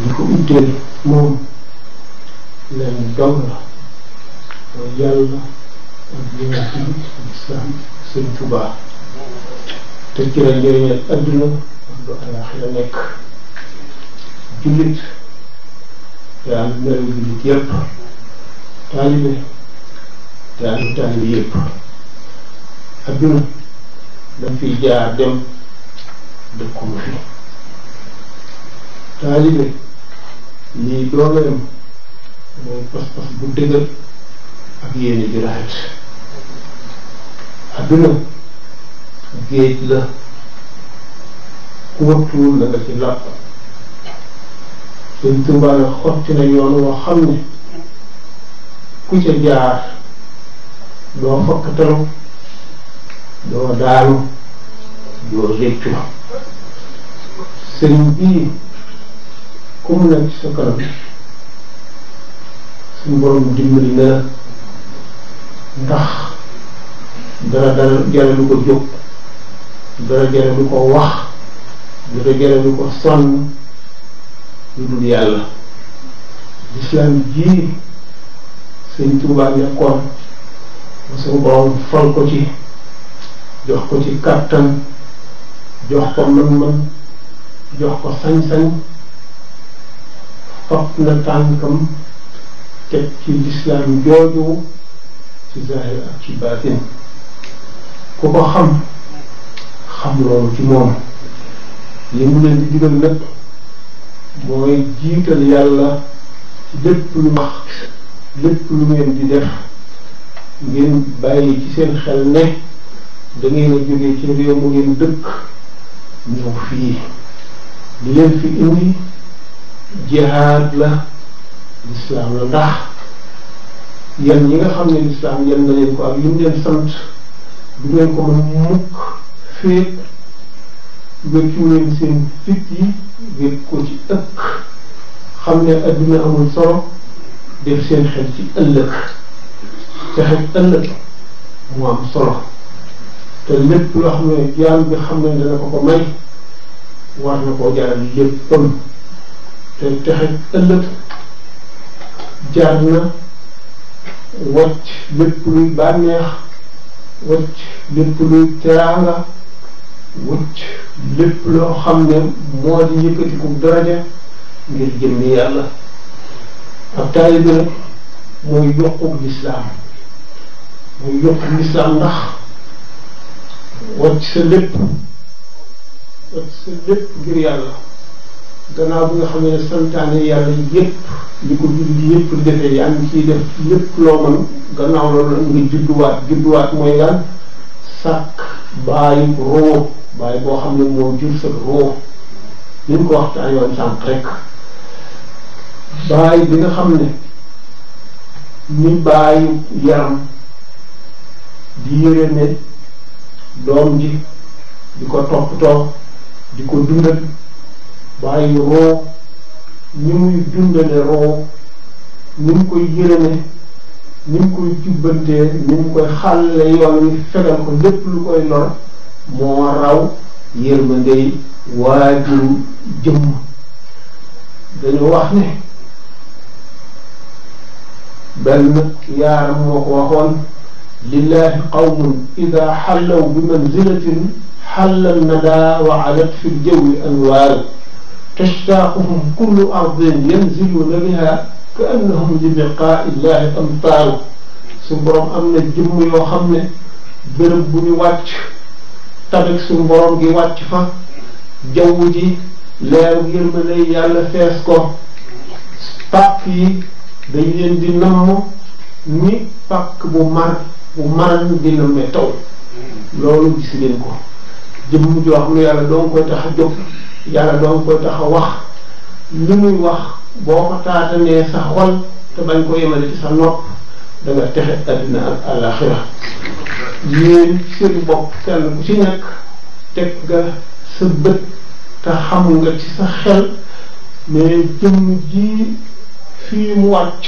Speaker 2: li ko itteel moom leen dong la mooy yàlla ak yonent bi ak islam sëñ Tuubaa te ci la njëriñal adduna ak lu alaaxira nekk jullit te am melu jullit yépp taalibe te am taalibe yépp adduna dañ fiy jaar dem dëkkuwu fi taalibe ñuy doog a pas-pas bu dëgër ak yéene ju rafet géej la ku wattuwul la ci làpp Sëñ Tuubaa xotti na yoon woo xam ne ku ca jaar doo fokk doo daalu doo réccu sëriñ bii ku mu nekk ci sa kanam suñu borom dimbali na ndax dara dara jaralu ko jóg dara jaralu ko wax dara jaralu ko sonn lu dul yàlla lislaam ji sëñ Tuubaa nekkoon suñu borom fal ko ci jox ko ci kàttan jox ko mën-mën jox ko sañ-sañ fab na tànkam teg ci lislaam jooju ci zahir ak ci baatin ku ko xam xam loolu ci moom li mu leen di digal nag mooy jiital yàlla ci lépp lu wax lépp lu ngeen di def ngeen bàyyi ci seen xel ne da ngeen ci réew mu ngeen dëkk ñëw fii li leen fi indi jihaad la lislaam la ndax yan ñi nga xam ne lislaam yan na leen ko ak lim leen sant du ngeen ko mën mukk féet wékkiwu leen seen fit yi wékk ko ci ëkk xam ne adduna amul solo def seen xel ci ëllëg te xel ëllëg mu am solo te lépp loo xam ne jaam bi xam ne dana ko ko may war na koo jaral léppam tey texeeg ëllëg jaar na wacc lépp luy bànneex wacc lépp luy teraanga wacc lépp loo xam ne moo di yëkkatiku daraja ngir jëmmi yàlla ak taalibe nag mooy yokkuk lislaam mooy yokkuk lislaam ndax wacc sa lépp wacc sa lépp ngir yàlla gannaaw bi nga xam ne santaane yàlla yépp li ko julli yépp defee yaa ngi ciy def lépp loo mën gannaaw loolu nga judduwaat judduwaat mooy lan sàkk bàyyi roo bàyyi xam ne moo jur sa roo ñu ko waxtaan yoon sànq rek bàyyi bi nga xam ne ni bàyyi yaram di yëre ne doom ji di ko toppatoo di ko dundal waaye roo ni muy dundale roo ni mu koy yërëme ni mu koy jubbantee ni mu koy xàlle yoon wi fegal ko lépp lu koy lor moo raw yërmandey waajuru jëmm dañu wax ne benn yaar moo ko waxoon lillahi qawmun ida bi manzilatin xallal nadaa wa fi ljawi anwaar تشتاقهم كل أرض ينزلون بها كأنهم لبقاء الله أمطار su borom am na jëmm yoo xam ne bërëb bu ñu wàcc tamit su borom gi wàcc fa jaww ji leeru yërmande yàlla fees ko pàkk yi dañ leen di namm ni pàkk bu mar bu maran di nammee taw loolu gis leen ko jëmm joo xam ne yàlla doon koy tax a jóg yàlla doon koy tax wax li muy wax boo ko taatanee sa xol te bañ ko yemale ci sa nopp da nga texe addina ak àlaxira yéen seen bopp ci nekk teg sa bët te xam nga ci sa xel mais jëmm ji fii mu wàcc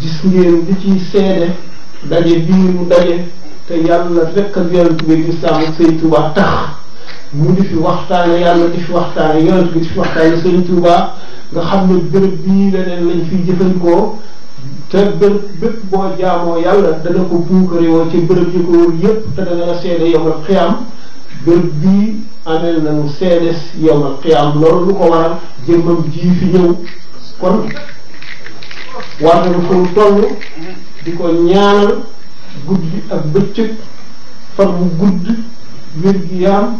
Speaker 2: gis ngeen li ciy seede daje bii mu daje te yàlla rek ak yonent bi lislaam ak Sëñ tax mu di fi waxtaane yàlla di fi waxtaane yonent nga xam ne béréb bii leneen lañ fiy jëfandikoo te béréb bépp boo jaamoo yàlla dana ko puukarewoo ci béréb yi ko wër yépp te dana la seede yowmal xiyaam béréb bii amee nañu seedes yowmal xiyaam loolu lu ko waral jëmmam ji fi ñëw kon war nañu ko toll di ko ñaanal guddi ak bëccëg fan mu gudd wér gi yaam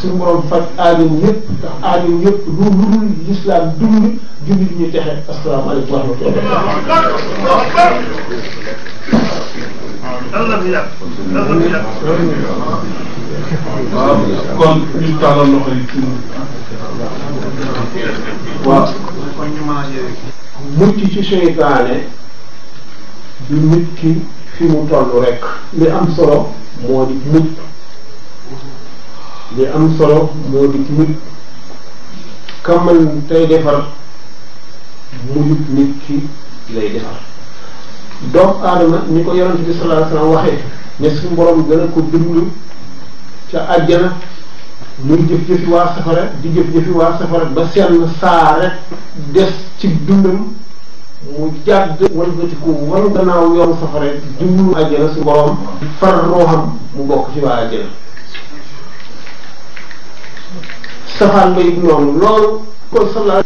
Speaker 2: suñu borom faj aajow yëpp ndax aajow yëpp lu ludul lislaam dund julli li ñuy texe asalaamaaleykum wa
Speaker 1: rahmatulah. kon ñu tàllal loxo yi ci
Speaker 2: waaw. mucc ci seytaane du nit ki fi mu toll rek li am solo moo di mucc. li am solo moo di nit kamal tey defar mujub nit ki lay defar doomu aadama ni ko yonent bi sallallahu alayhi wasallam waxee ne suñu borom dana ko dund ca àjjana muy jëf-jëfi waa di jëf-jëfi waa ba seen saa rek des ci dundam mu jàdd walbatiku wal gannaaw yoonu safara dund àjjana su borom far rooxam mu bokk ci waa àjjana safaan ba it noonu loolu kon sala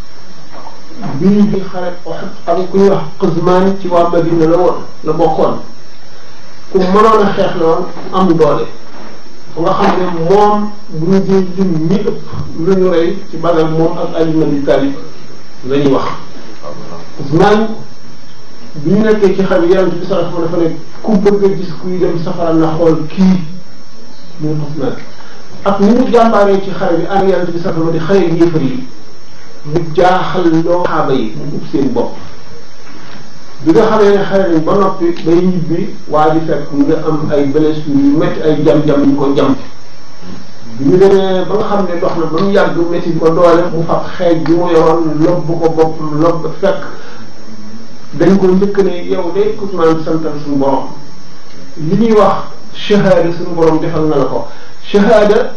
Speaker 2: bii bi xare Uhud ak ku ñuy wax ci waa Madina la woon la bokkoon ku mënoon a xeex la am doole nga xam ne moom bu ñu jël lim ñi lu ñu rey ci Badar moom ak Ali ibn Abi Talib la ñuy wax Quzmaan bi ñu nekkee ci xam yonent bi sallallahu alayhi wa ku bëgg a gis kuy dem safara na xool kii muy Quzmaan ak ni mu jàmbaaree ci xare bi ànd yàlla bi sax di xare yéefar yi mu jaaxal loo xaaba yi mu ub seen bopp bi nga xamee ne xare nañ ba noppi day ñibbi waa ji fekk mu nga am ay blessures yu métti ay jam-jam ñu ko jam bi ñu demee ba nga xam ne dox na ba mu yàgg métti ko doole mu fab xeej bi mu yoroon lobb ko bopp lobb fekk dañ ko njëkk ne yow day kutmaan santal suñu borom li ñuy wax shahaada suñu borom defal na la ko shahaada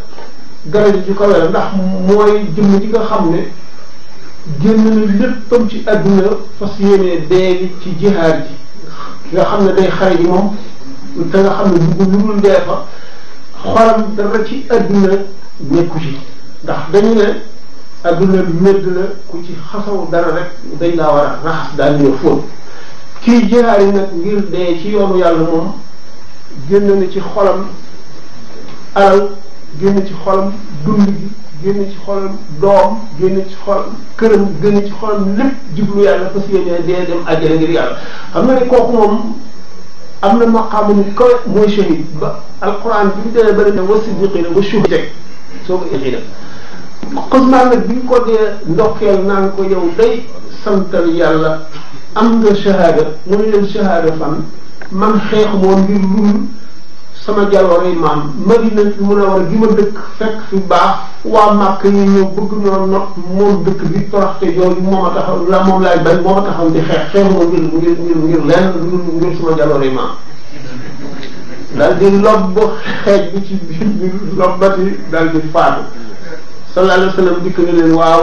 Speaker 2: dara ji ko wér ndax mooy jëmm ji nga xam ne génn na léppam ci àdduna fas yéenee dee ci jihaad ji nga xam ne day xare ji moom te nga xam ne bugg lu dul dee fa xolam dara ci àdduna nekku ci ndax dañu ne àdduna médd ku ci xasaw dara rek dañ laa war a raxas daal di fóon kii ngir dee ci yoonu yàlla moom génn na ci xolam alal génn ci xolam dund gi génn ci xolam doom génn ci xol këram génn ci xolam lépp jublu yàlla parce que yéen dee dem àjjana ngir yàlla xam nga ne kooku moom am na maqaamu ni kawe mooy shahid ba alquran bi ñu demee bëri ne wa siddiqina wa shuhada soo ko ixina xosmaan nag bi ñu ko dee ndokkeel naan ko yow day santal yàlla am nga shahada mu ne leen shahada fan man xeexu moom ngir lul sama jaloorey maam Madina mun a war gi ma dëkk fekk fi baax waa Màkka yi ñëw bëgg ñoo moom dëkk bi toroxte jooju moom a taxaw moom laay bañ moom a taxaw di xeex xeex ngir ngir ngir ngir lenn ngir sama jaloorey maam daal di lobb xeej bi ci biir bi lobbati daal di faatu sallallahu alayhi wa sallam dikk na leen waaw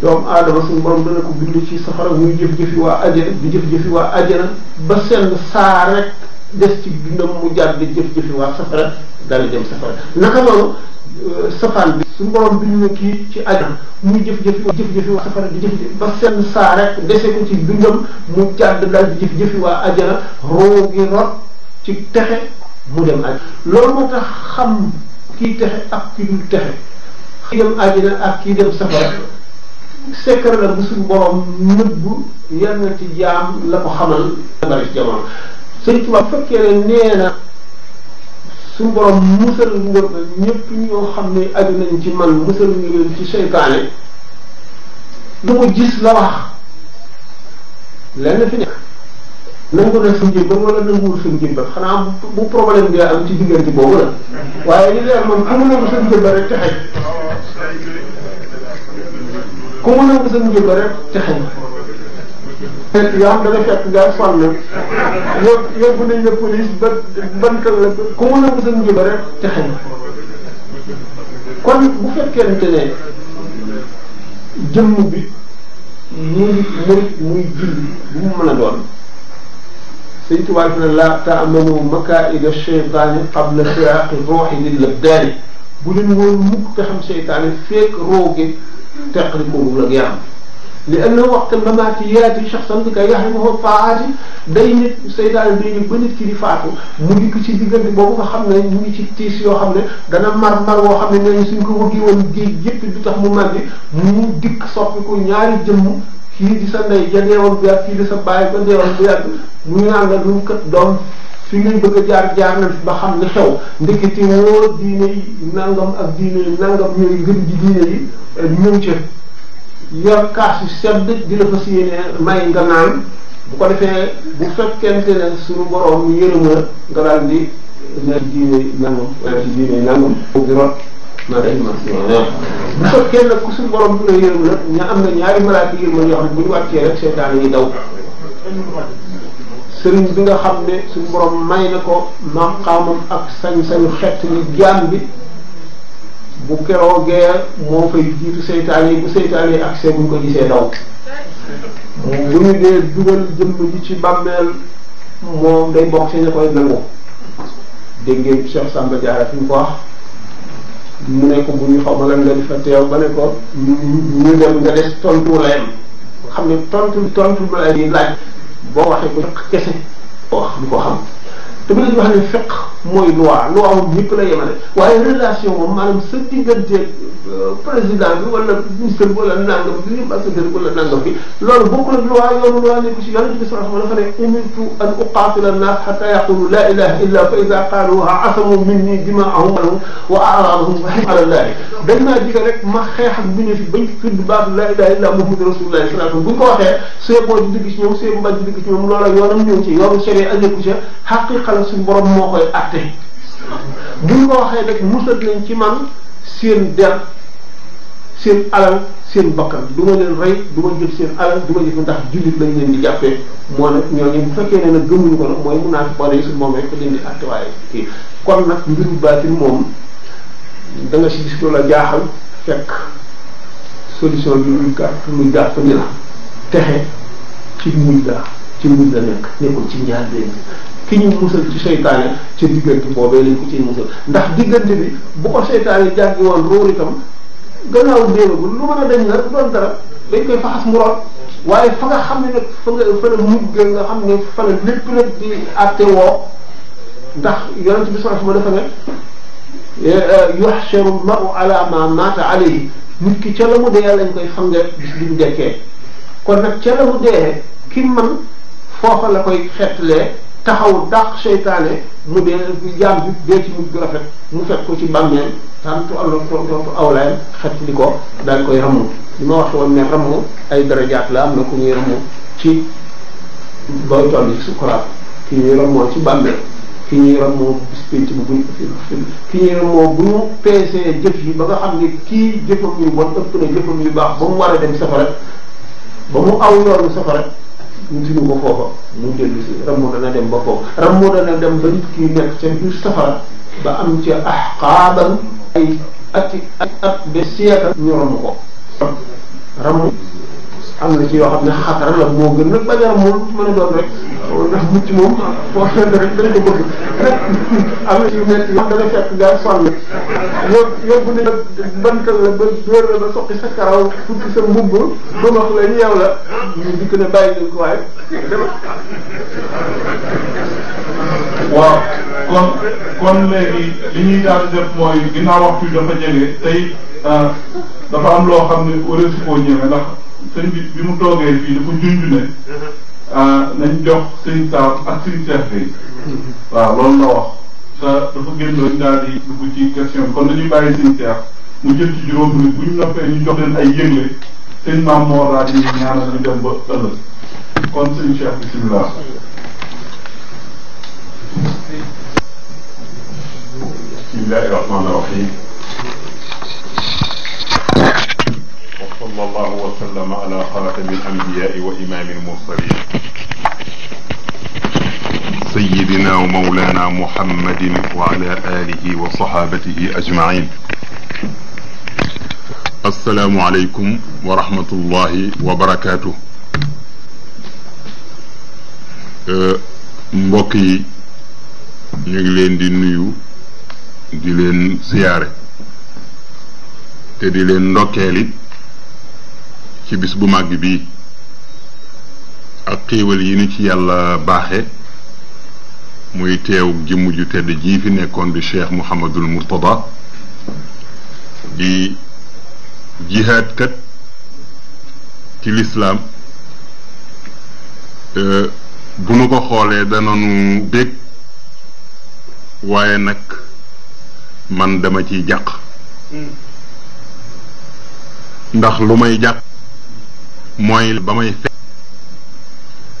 Speaker 2: doomu aadama suñu borom dana ko bind ci safara muy jëf-jëfi waa ajana di jëf-jëfi waa ajana ba seen saa rek des ci dundam mu jàdd jëf-jëfi waa safara dana dem safara naka noonu euh, safaan bi suñu borom bi ñu ne kii ci ajam muy jëf-jëfi jëf-jëfi waa safara di jëf-jëf ba seen saa rek dese ko ci dundam mu jàdd dal di jëf-jëfi waa ajana roo gi rot ci texe mu dem aj loolu moo tax xam kii texe ak kii kii dem ajana ak kii dem safara sekkar la bu suñu borom nëbb yenn ci jaam la ko xamal bari ci sëñ Tuubaa fekkee ne nee na suñu borom musal nga ñëpp ñoo xam ne aju nañ ci man musal nga leen ci seytaane lu mu gis la wax lenn fi nekk nangu na suñ jëmbal wala nanguwul suñ jëmbal xanaa bu problème bi am ci diggante boobu la waaye li leer moom ku mu nangu suñ jëmbal rek texe yoo xam dana fekk nga sonn yóbbu yóbbu nañ la police ba bantal la ku mun a musal njiba rek te xañ kon bu fekkente ne jëmm bi muy murit muy julli bu mu mën a doon sëñ Tuubaa def na laa taamanu makaida cheytaani qabla firaaqi ruuxi lil labdaani bu leen woon mukk te xam cheytaani fekk roogi teqli ko ak yaram لأنه وقت المماتيات شخصا kay yahrimuhu faati day nit seytaane day nit ba nit ki di faatu mu ngi ci diggante boobu nga xam ne mu ngi ci tiis yoo xam ne dana mar mar woo xam ne nee suñ ko wëggee woon géej yépp du tax mu màgg mu dikk soppi ko ñaari jëmm kii di sa ndey ja deewoon bu yàgg kii di sa bàyyi ba deewoon bu yàgg mu naan ah la du kat doom fi ngay bëgg a jaar jaar nañ fi ba xam ne xew ndekete woo diine yi nangam ak diine yi nangam ñooy gën ji diine yi ñëw yor kaas yu sedd di la fas yéene may nga naan bu ko defee bu fekkente ne suñu borom yërëm la nga daal di ne diine nangam wala ci diine nangam bu fekkee nag ku suñu borom bu la yërëm la am na ñaari malaaka yërëm yoo xam ne bu ñu wàccee rek seetaan yi daw sëriñ bi nga xam ne suñu borom may na ko maqaamam ak sañ-sañu xett ni jaam bi bu keroogee moo fay jiitu seytaan yi bu seytaan yi accès buñ ko gisee daw bu ñu dee dugal jëmm ji ci bàmmeel moom day bokk ci ne koy nangu dégg ngeen Cheikh Samba Diarra fi ñu ko wax mu ne bu ñu xaw ma lan nga di fa teew ba ne ko ñu dem nga des tontu la yem xam ne tontu tontu la yi laaj boo waxee ko fekk kese boo wax du ko xam te bu la wax ne fekk mooy loi loi moom ñëpp la yemale waaye relation moom maanaam sa diggante euh, président bi wala ministre bi wala nangam bi ambassadeur bi wala nangam bi loolu bokkul ak loi yoonu loi nekk ci yonente bi sallallahu alayhi wasallam dafa ne umirtu an uqatila an-nas hatta yaqulu la ilaha illa fa idha qaluha asamu minni dima'ahum wa a'radahum ala llahi dañ maa digal rek ma xeex ak bi ne fi bañ tudd baatu la ilaha illa muhammadu rasulullah sallallahu alayhi wasallam bu ñu ko waxee see boo di dugg ci ñoom see bu bañ di dugg ci ñoom loola yoonam ñëw ci yoonu sariya ak yëkku ca xaqiqa la suñu borom moo koy at atte bi ñu ko waxee nag musal leen ci man seen der seen alal seen bakkan du ma leen rey du jël seen alal du ma jëf ndax jullit lañ leen di jàppee moo ñoo ñooñu bu fekkee ne nag gëmuñu ko nag mooy mun naa bone yi su moom rek leen di atte waaye kii kon nag mbiru baatin moom jaaxal fekk solution bi muy gàtt ni la texe ci mujj la ci mujj la nekk nekkul ci ñaar benn ki ñu musal ci seytaane ci diggante boobee lañ ko ciy musal ndax diggante bi bu ko seytaane jàggi woon ruur itam gannaaw déewagul lu mën a dañ la doon dara dañ koy faxas mu waaye fa nga xam ne nag fa nga nga xam ne fa la lépp nag di àtte woo ndax yonent bi sallallahu alayhi wa sallam dafa ne yuhsharu maru ala ma mata alayhi nit ki ca la mu dee lañ koy fange bis dekkee kon nag ca la mu dee ki man foofa la koy xeetlee taxaw dàq seytaane mu dee jaam bi dee ci mujj rafet mu fekk ko ci bàmmeel tantu allo aw awlaayam xet li ko daal koy ramu li ma wax woon ne ramu ay darajaat la am na ko ñuy ramu ci booy toll ci sukkuraat ki ñuy ramoo ci bàmmeel ki ñuy ramoo bis ci bu buñ ki jëf yi ba nga xam ne kii jëfam yu bon ëpp na jëfam yu baax ba mu war dem safara ba mu aw yoonu safara mu wutinu ko foofa mu dellu si ram dana dem ba foofu ram dana dem ba nit ki nekk ca biir safara ba am ca axqaaban ay ati at ba siècle ñu ram ko ram am na ci yoo xam ne xatara la moo gën nag bañ a moom mën a doon rek ndax mucc moom foo fekk rek dana ko bëgg am na ci metti wax dana fekk gaa sonn yow yow bu ne nag bantal la ba dóor la ba soqi sa karaw fukki sa mbubb ba wax la ñu yow la ñu dikk ne bàyyi leen ko waaye dama
Speaker 3: waaw kon
Speaker 1: kon léegi li ñuy daal di def mooy ginnaaw waxtu dafa jege tey euh, dafa am loo xam ne wala su koo ñëwee ndax sëñ bi bi mu toogee fii dafa junj ne mhm. ah, nañ jox sëñ Saam ak sëñ Cheikh bi mhm. waaw loolu la wax te dafa génnoon daal di dugg ci question bi kon dañuy bàyyi sëñ Cheikh mu jël ci juróom minute bu ñu noppee ñu jox leen ay yëgle sëñ maam moo raad ñu ñaanal ñu kon sëñ
Speaker 4: Cheikh bisimilah. bismillahi rahmaani
Speaker 5: sallallahu wa sallam ala xaatami alambiyaai wa imaami almursalin sayidina wa mawlana muhammadin wa ala alihi wa sahabatihi ajmain assalaamu aleykum wa rahmatullahi wa barakaatuh mbokk yi ñu ngi leen di nuyu di leen siyaare te di leen ndokkeel it ci bis bu màgg bii ak xéewal yi ni ci yàlla baaxe muy teew jëmm ju tedd jii fi nekkoon di cheikh Mouhamadul Mourtada di jihaad kat ci lislaam bu nu ko xoolee dananu bég waaye nag man dama ci jàq mm. ndax lu may jàq mooy ba may fekk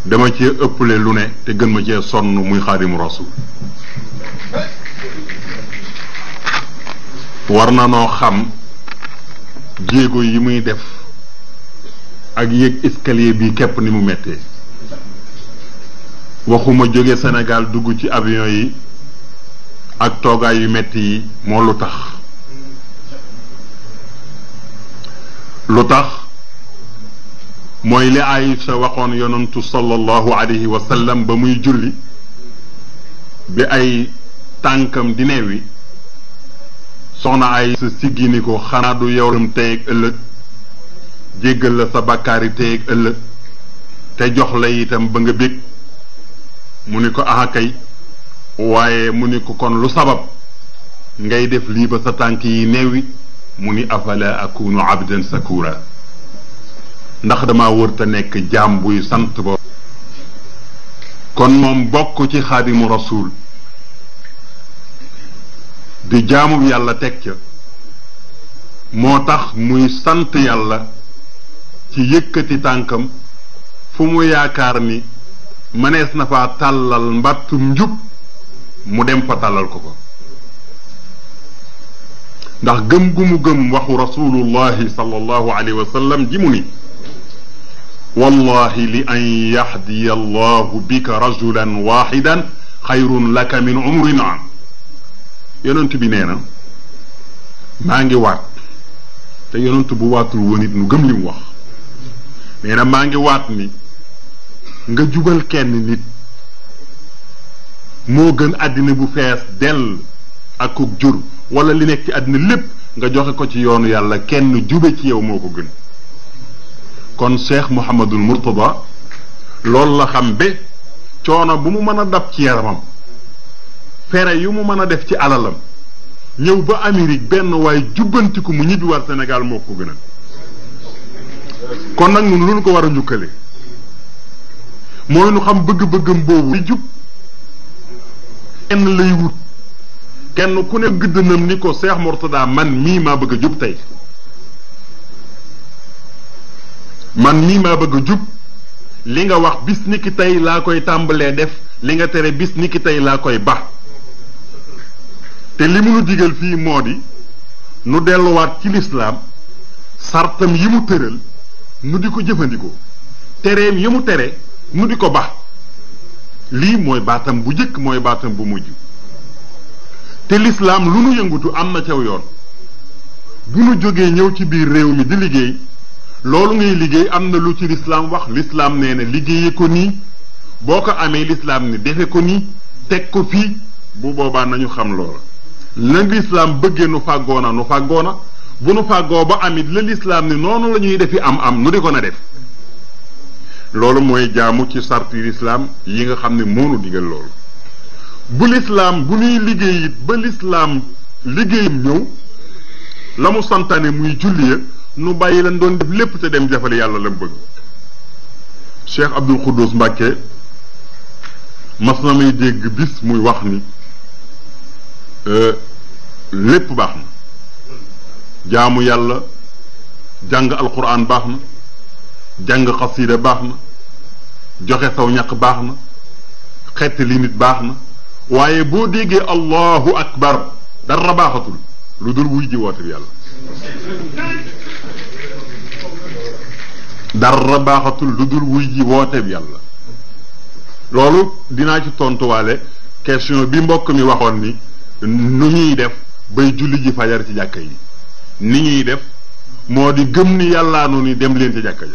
Speaker 5: dama cee ëpple lu ne te gën ma cee sonn muy xaadimu rasul war na noo xam jéego yi muy def ak yéeg escalier bi képp ni mu mettee waxuma jóge Sénégal dugg ci avion yi ak toogaay yu metti yi moo lu tax lu tax mooy li sa waxoon yonantu sallallahu alayhi wa sallam ba muy julli bi ay tànkam di neewi soxna Aïcha siggi ni ko xanaa du yow lam ëllëg jéggal la sa bàkkaari tey ëllëg te jox la itam ba nga bég mu ni ko aha waaye mu ni ko kon lu sabab ngay def lii ba sa tànk yi neewi mu ni afala akunu abdan sakura ndax dama wërta nekk jaam buy sant bo kon moom bokk ci xaadimu rasuul di jaamub yàlla teg ca moo tax muy sant yàlla ci yëkkati tànkam fu mu yaakaar ni mënees na faa tàllal mbattum njub mu dem fa tàllal ko ko ndax gëm gu mu gëm waxu rasulullahi sallallahu alayhi wa ji mu ni wallahi li an yahdiya allahu bika rajulan waxidan xayrun laka min umrin am yonent bi nee maa ngi waat te yonent bu waatul woon it nu gëm li mu wax nee na maa ngi waat ni nga jubal kenn nit moo gën àddina bu fees dell ak ko jur wala li nekk ci àddina lépp nga joxe ko ci yoonu yàlla kenn jube ci yow moo ko gën kon Cheikh Mouhamadul Mourtada loolu la xam be coono bu mu mën a dab ci yaramam fere yu mu mën a def ci alalam ñëw ba Amérique benn waaye jubbantiku mu ñibbi war Sénégal moo ko gën kon nag ñun lu ko war a njukkale mooy nu xam bëgg-bëggam boobu di jub kenn lay wut kenn ku ne gëddënam ni ko Cheikh Mourtada man mii maa bëgg a jub tey man mii maa bëgg jub li nga wax bis ni tey laa koy tàmbalee def li nga tere bis ni tey laa koy ba te li mu nu digal fii moo di nu delluwaat ci lislaam sartam yi mu tëral nu di ko jëfandikoo tereem yi mu tere nu di ko ba lii mooy baatam bu jëkk mooy baatam bu mujj te lislaam lu nu yëngutu am na caw yoon bu nu jógee ñëw ci biir réew mi di liggéey loolu ngay liggéey am na lu ci lislaam wax lislaam nee na liggéeye ko nii boo ko amee lislaam ni defe ko nii teg ko fii bu boobaa nañu xam loola la lislaam bëggee nu fàggoona nu fàggoona bu nu fàggoo ba amit la lislaam ni noonu la ñuy defi am am nu di ko na def loolu mooy jaamu ci sarti lislaam yi nga xam ne moonu digal loolu bu lislaam bu nuy liggéey it ba lislaam liggéeyam ñëw la mu santaane muy julli nu bàyyi lañ doon def lépp te dem jafale yàlla la mu bëgg Cheikh Abdul Xuddus Mbàkke mas na may dégg bis muy wax ni euh, lépp baax na jaamu yàlla jàng alquran baax na jàng xasiida baax na joxe saw ñaq baax na xett li nit baax na waaye boo déggee allahu akbar dara baaxatul lu dul wuy ji woote yàlla dara baaxatul lu dul wuy ji wooteeb yàlla loolu dinaa ci tontuwaale question bi mbokk mi waxoon ni nu ñuy def bay julli ji fajar ci jàkka yi ni ñuy def moo di gëm ni yàllaa nu ni dem leen ci jàkka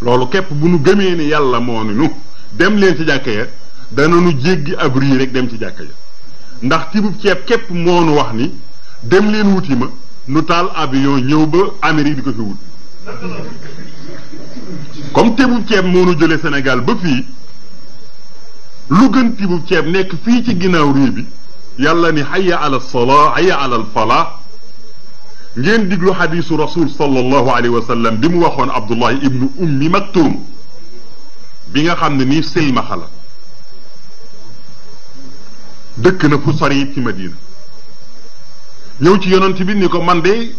Speaker 5: loolu képp bu nu gëmee ni yàlla moo ni nu dem leen ci jàkka ya dana nu jéggi ab rii rek dem ci jàkka ja ndax tibub ceeb képp moo nu wax ni dem leen wuti ma nu taal avion ñëw ba Amérique di ko fi wut comme tebu ceeb moonu jële Sénégal ba fii lu gën tibu ceeb nekk fii ci ginnaaw réew bi yàlla ni hayya ala salaa hayya ala falaa ngeen diglu xadiisu rasul sallallahu alayhi wa sallam bi mu waxoon Abdullahi ibnu ummi Maktum bi nga xam ne nii silmaxa la dëkk na fu sori ci Madina ñëw ci yonent bi ni ko man de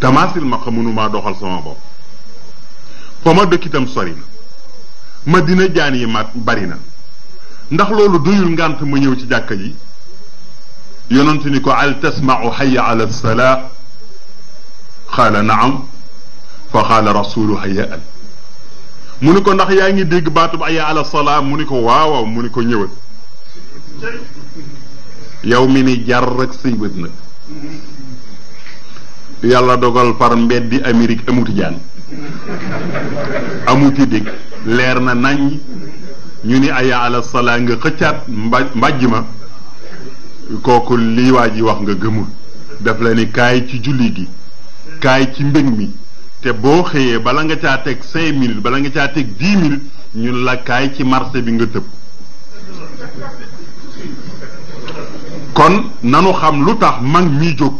Speaker 5: dama silmaxa mënumaa doxal sama bopp fa ma dëkk itam ma dina jaan yi ma bari na ndax loolu doyul ngànt ma ñëw ci jàkka yi yonent ni ko al tasmau xaya ala salaa xaala naam fa xaala rasulu xaya mu ni ko ndax yaa ngi dégg baatub xaya ala salaa mu ni ko waawaaw mu ni ko ñëwal yow mi ni jar rek say nag yàlla dogal far mbeddi Amérique amuti jaan amuti dégg leer na naññ ñu ni aya ala salaa nga xëccaat mba mbàjj ma kooku lii waa ji wax nga gëmul def la ni kaay ci julli gi kaay ci mbég mi te boo xëyee bala nga caa teg cinq minutes bala nga caa teg dix ñu ñun la kaay ci marché bi nga tëb kon nanu xam lu tax mag mi jóg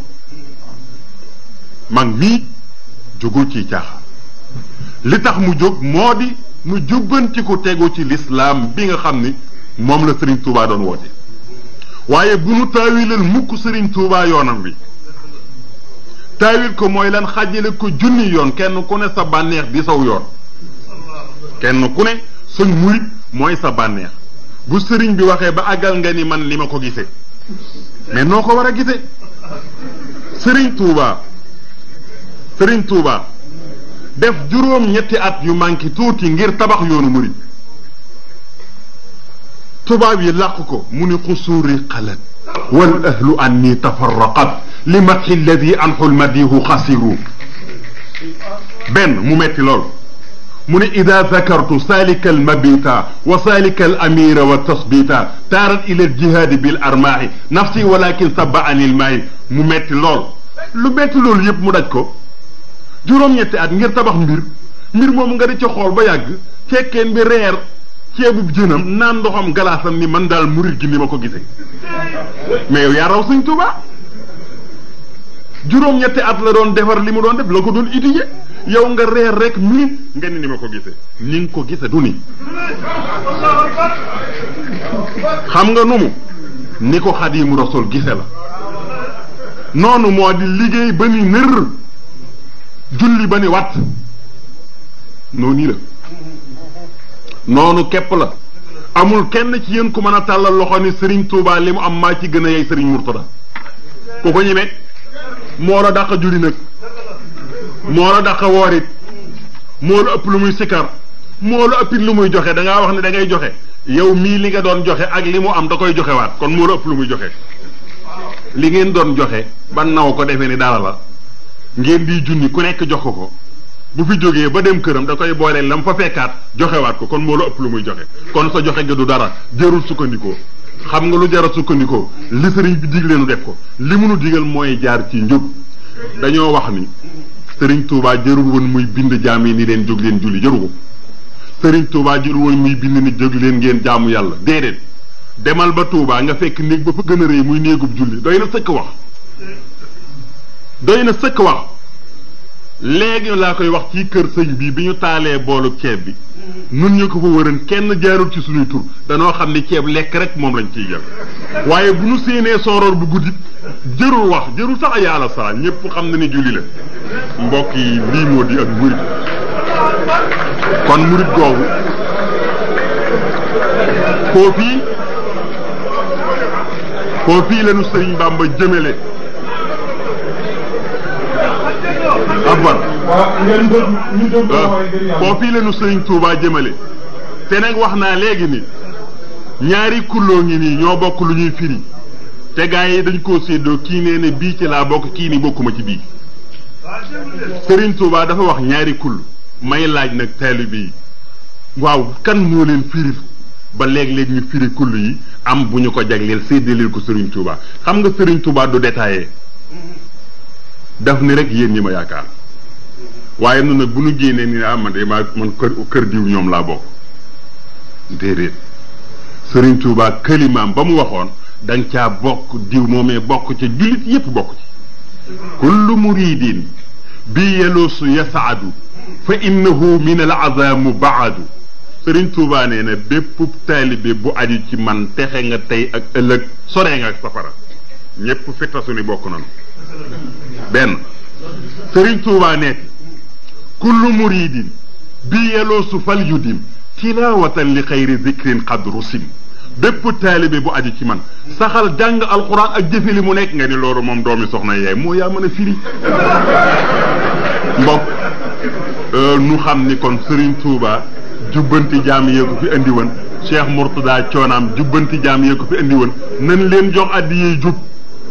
Speaker 5: mag mii jógul ci caaxaan li tax mu jóg moo di mu jubbantiku tegu ci lislaam bi nga xam ni moom la Serigne tuubaa doon woote waaye bu nu taawilal mukk Serigne Touba yoonam bi taawil ko mooy lan xàjjale ko junni yoon kenn ku ne sa bànneex di saw yoon kenn ku ne suñ murit mooy sa bànneex bu sëriñ bi waxee ba àggal nga ni man li ma ko gise mais noo ko war a gisee Serigne Touba. Serigne Touba def juróom ñetti at yu manqué tuuti ngir tabax yoonu murid tubaab yi làq ko mu ni xusuuri xalat wal ahlu anni tafarraqat li matxi alladi anxul madihu xasiru benn mu metti lool mu ne ida zakartu salika almabita wa salika alamira waltasbita taarat ila aljihadi bil armaahi nafsi walakin sabaani almaayi mu metti lool lu metti loolu yëpp mu daj ko juróom-ñetti at ngir tabax mbir mbir moomu nga di ca xool ba yàgg cekkeen bi reer ceebu jënam naan ndoxam galaasam ni man daal murit gi ni ma ko gisee mais yow yaa raw sëñ Tuubaa juróom-ñetti at la doon defar li mu doon def la ko doon étudier yow nga reer rek mi nga ni ma ko gisee ni nga ko gisee du ni xam nga nu mu ni ko mu Rasuul gisee la noonu moo di liggéey ba ni nër julli ba ni wat noonu la la amul kenn ci yéen ku mën a tàllal loxo ni sëriñ Touba li mu am maa ci gën a yey Serigne Mourtada ku ko ñemee moo la dàq julli nag moo la dàq woorit moo la ëpp lu muy sikkar moo la ëppit lu muy joxe da wax ne dangay joxe yow mii li nga doon joxe ak li mu am da koy joxewaat kon moo la ëpp lu muy joxe li ngeen doon joxe ba naw ko defee ni dara ngeen di junni ku nekk jox ko ko bu fi jógee ba dem këram da koy booleel la mu fa fekkaat joxewaat ko kon moo la ëpp lu muy joxe kon sa joxe nga du dara jërul sukkandikoo xam nga lu jaral sukkandikoo li sëriñ bi digle nu def ko li munu digal mooy jaar ci njub dañoo wax ni sëriñ Touba jërul woon muy bind jaam yi ni leen jóg leen julli jaru ko sëriñ Touba jarul woon muy bind ni jóg leen ngeen jaamu yàlla déedéet demal ba Touba nga fekk néeg ba fa gën a muy néegub julli doy na sëkk wax doy na sëkk wax léegi laa koy wax ci kër sëñ bii bi ñu taalee boolu ceeb bi nun ñu ko fa wëran kenn jaarul ci suñuy tur danoo xam ne ceeb lekk rek moom lañ ciy jël waaye bu ñu séenee sooroor bu guddi jërul wax jërul sax a yàlla saa ñépp xam na ni julli la mbokk yi lii moo di ak murit kon murit googu foofii foofii lañu sëriñ Bàmba jëmele abban foofu la sëriñ Touba jëmale te nag wax naa léegi ni ñaari kulloo ngi nii ñoo bokk lu ñuy firi te gaa yi dañ koo séddoo kii nee na bii ci laa bokk kii ni bokkuma ci bii sëriñ tuubaa dafa wax ñaari kull may laaj nag taalibe yi waaw kan moo leen firi ba léeg-léeg ñu firi kull yi am bu ñu ko jagleel séddaleel ko sëriñ Touba xam nga sëriñ Touba du détaillé daf ni rek yéen ñi ma yaakaar waaye nu nag bu nu génnee ni ah man de maa man kër diw ñoom laa bokk déedéet Sëriñ Tuubaa këlimaam ba mu waxoon da nga caa bokk diw moomee bokk ca jullit yépp bokk ci kullu muridin bi yeluusu yasaadu fa innahu min al azamu baadu sëriñ Tuubaa nee na bépp taalibe bu aju ci man texe nga tey ak ëllëg sore nga ak safara ñépp fittasu ni bokk nañu benn sëriñ Tuubaa nekk kullu muridin bi yeloosu fal yudim tilaawatan li xayri zikrin qad rusim bépp taalibe bu aji ci man saxal jàng alquran ak jëfe li mu nekk nga ni loolu moom doomi soxna yaay moo yaa mën a firi mbokk euh, nu xam ni kon Serigne tuuba jubbanti jaam yee ko fi indi woon Cheikh Mourtada coonaam jubbanti jaam fi indi woon nan leen jox addi jub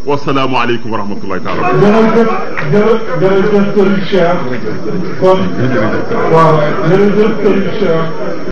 Speaker 5: wasalaamualeykum wa rahmatullahi taala.
Speaker 1: jërëjëf jërëjëf jërëjëf Serigne Cheikh kon waaw jërëjëf Serigne Cheikh.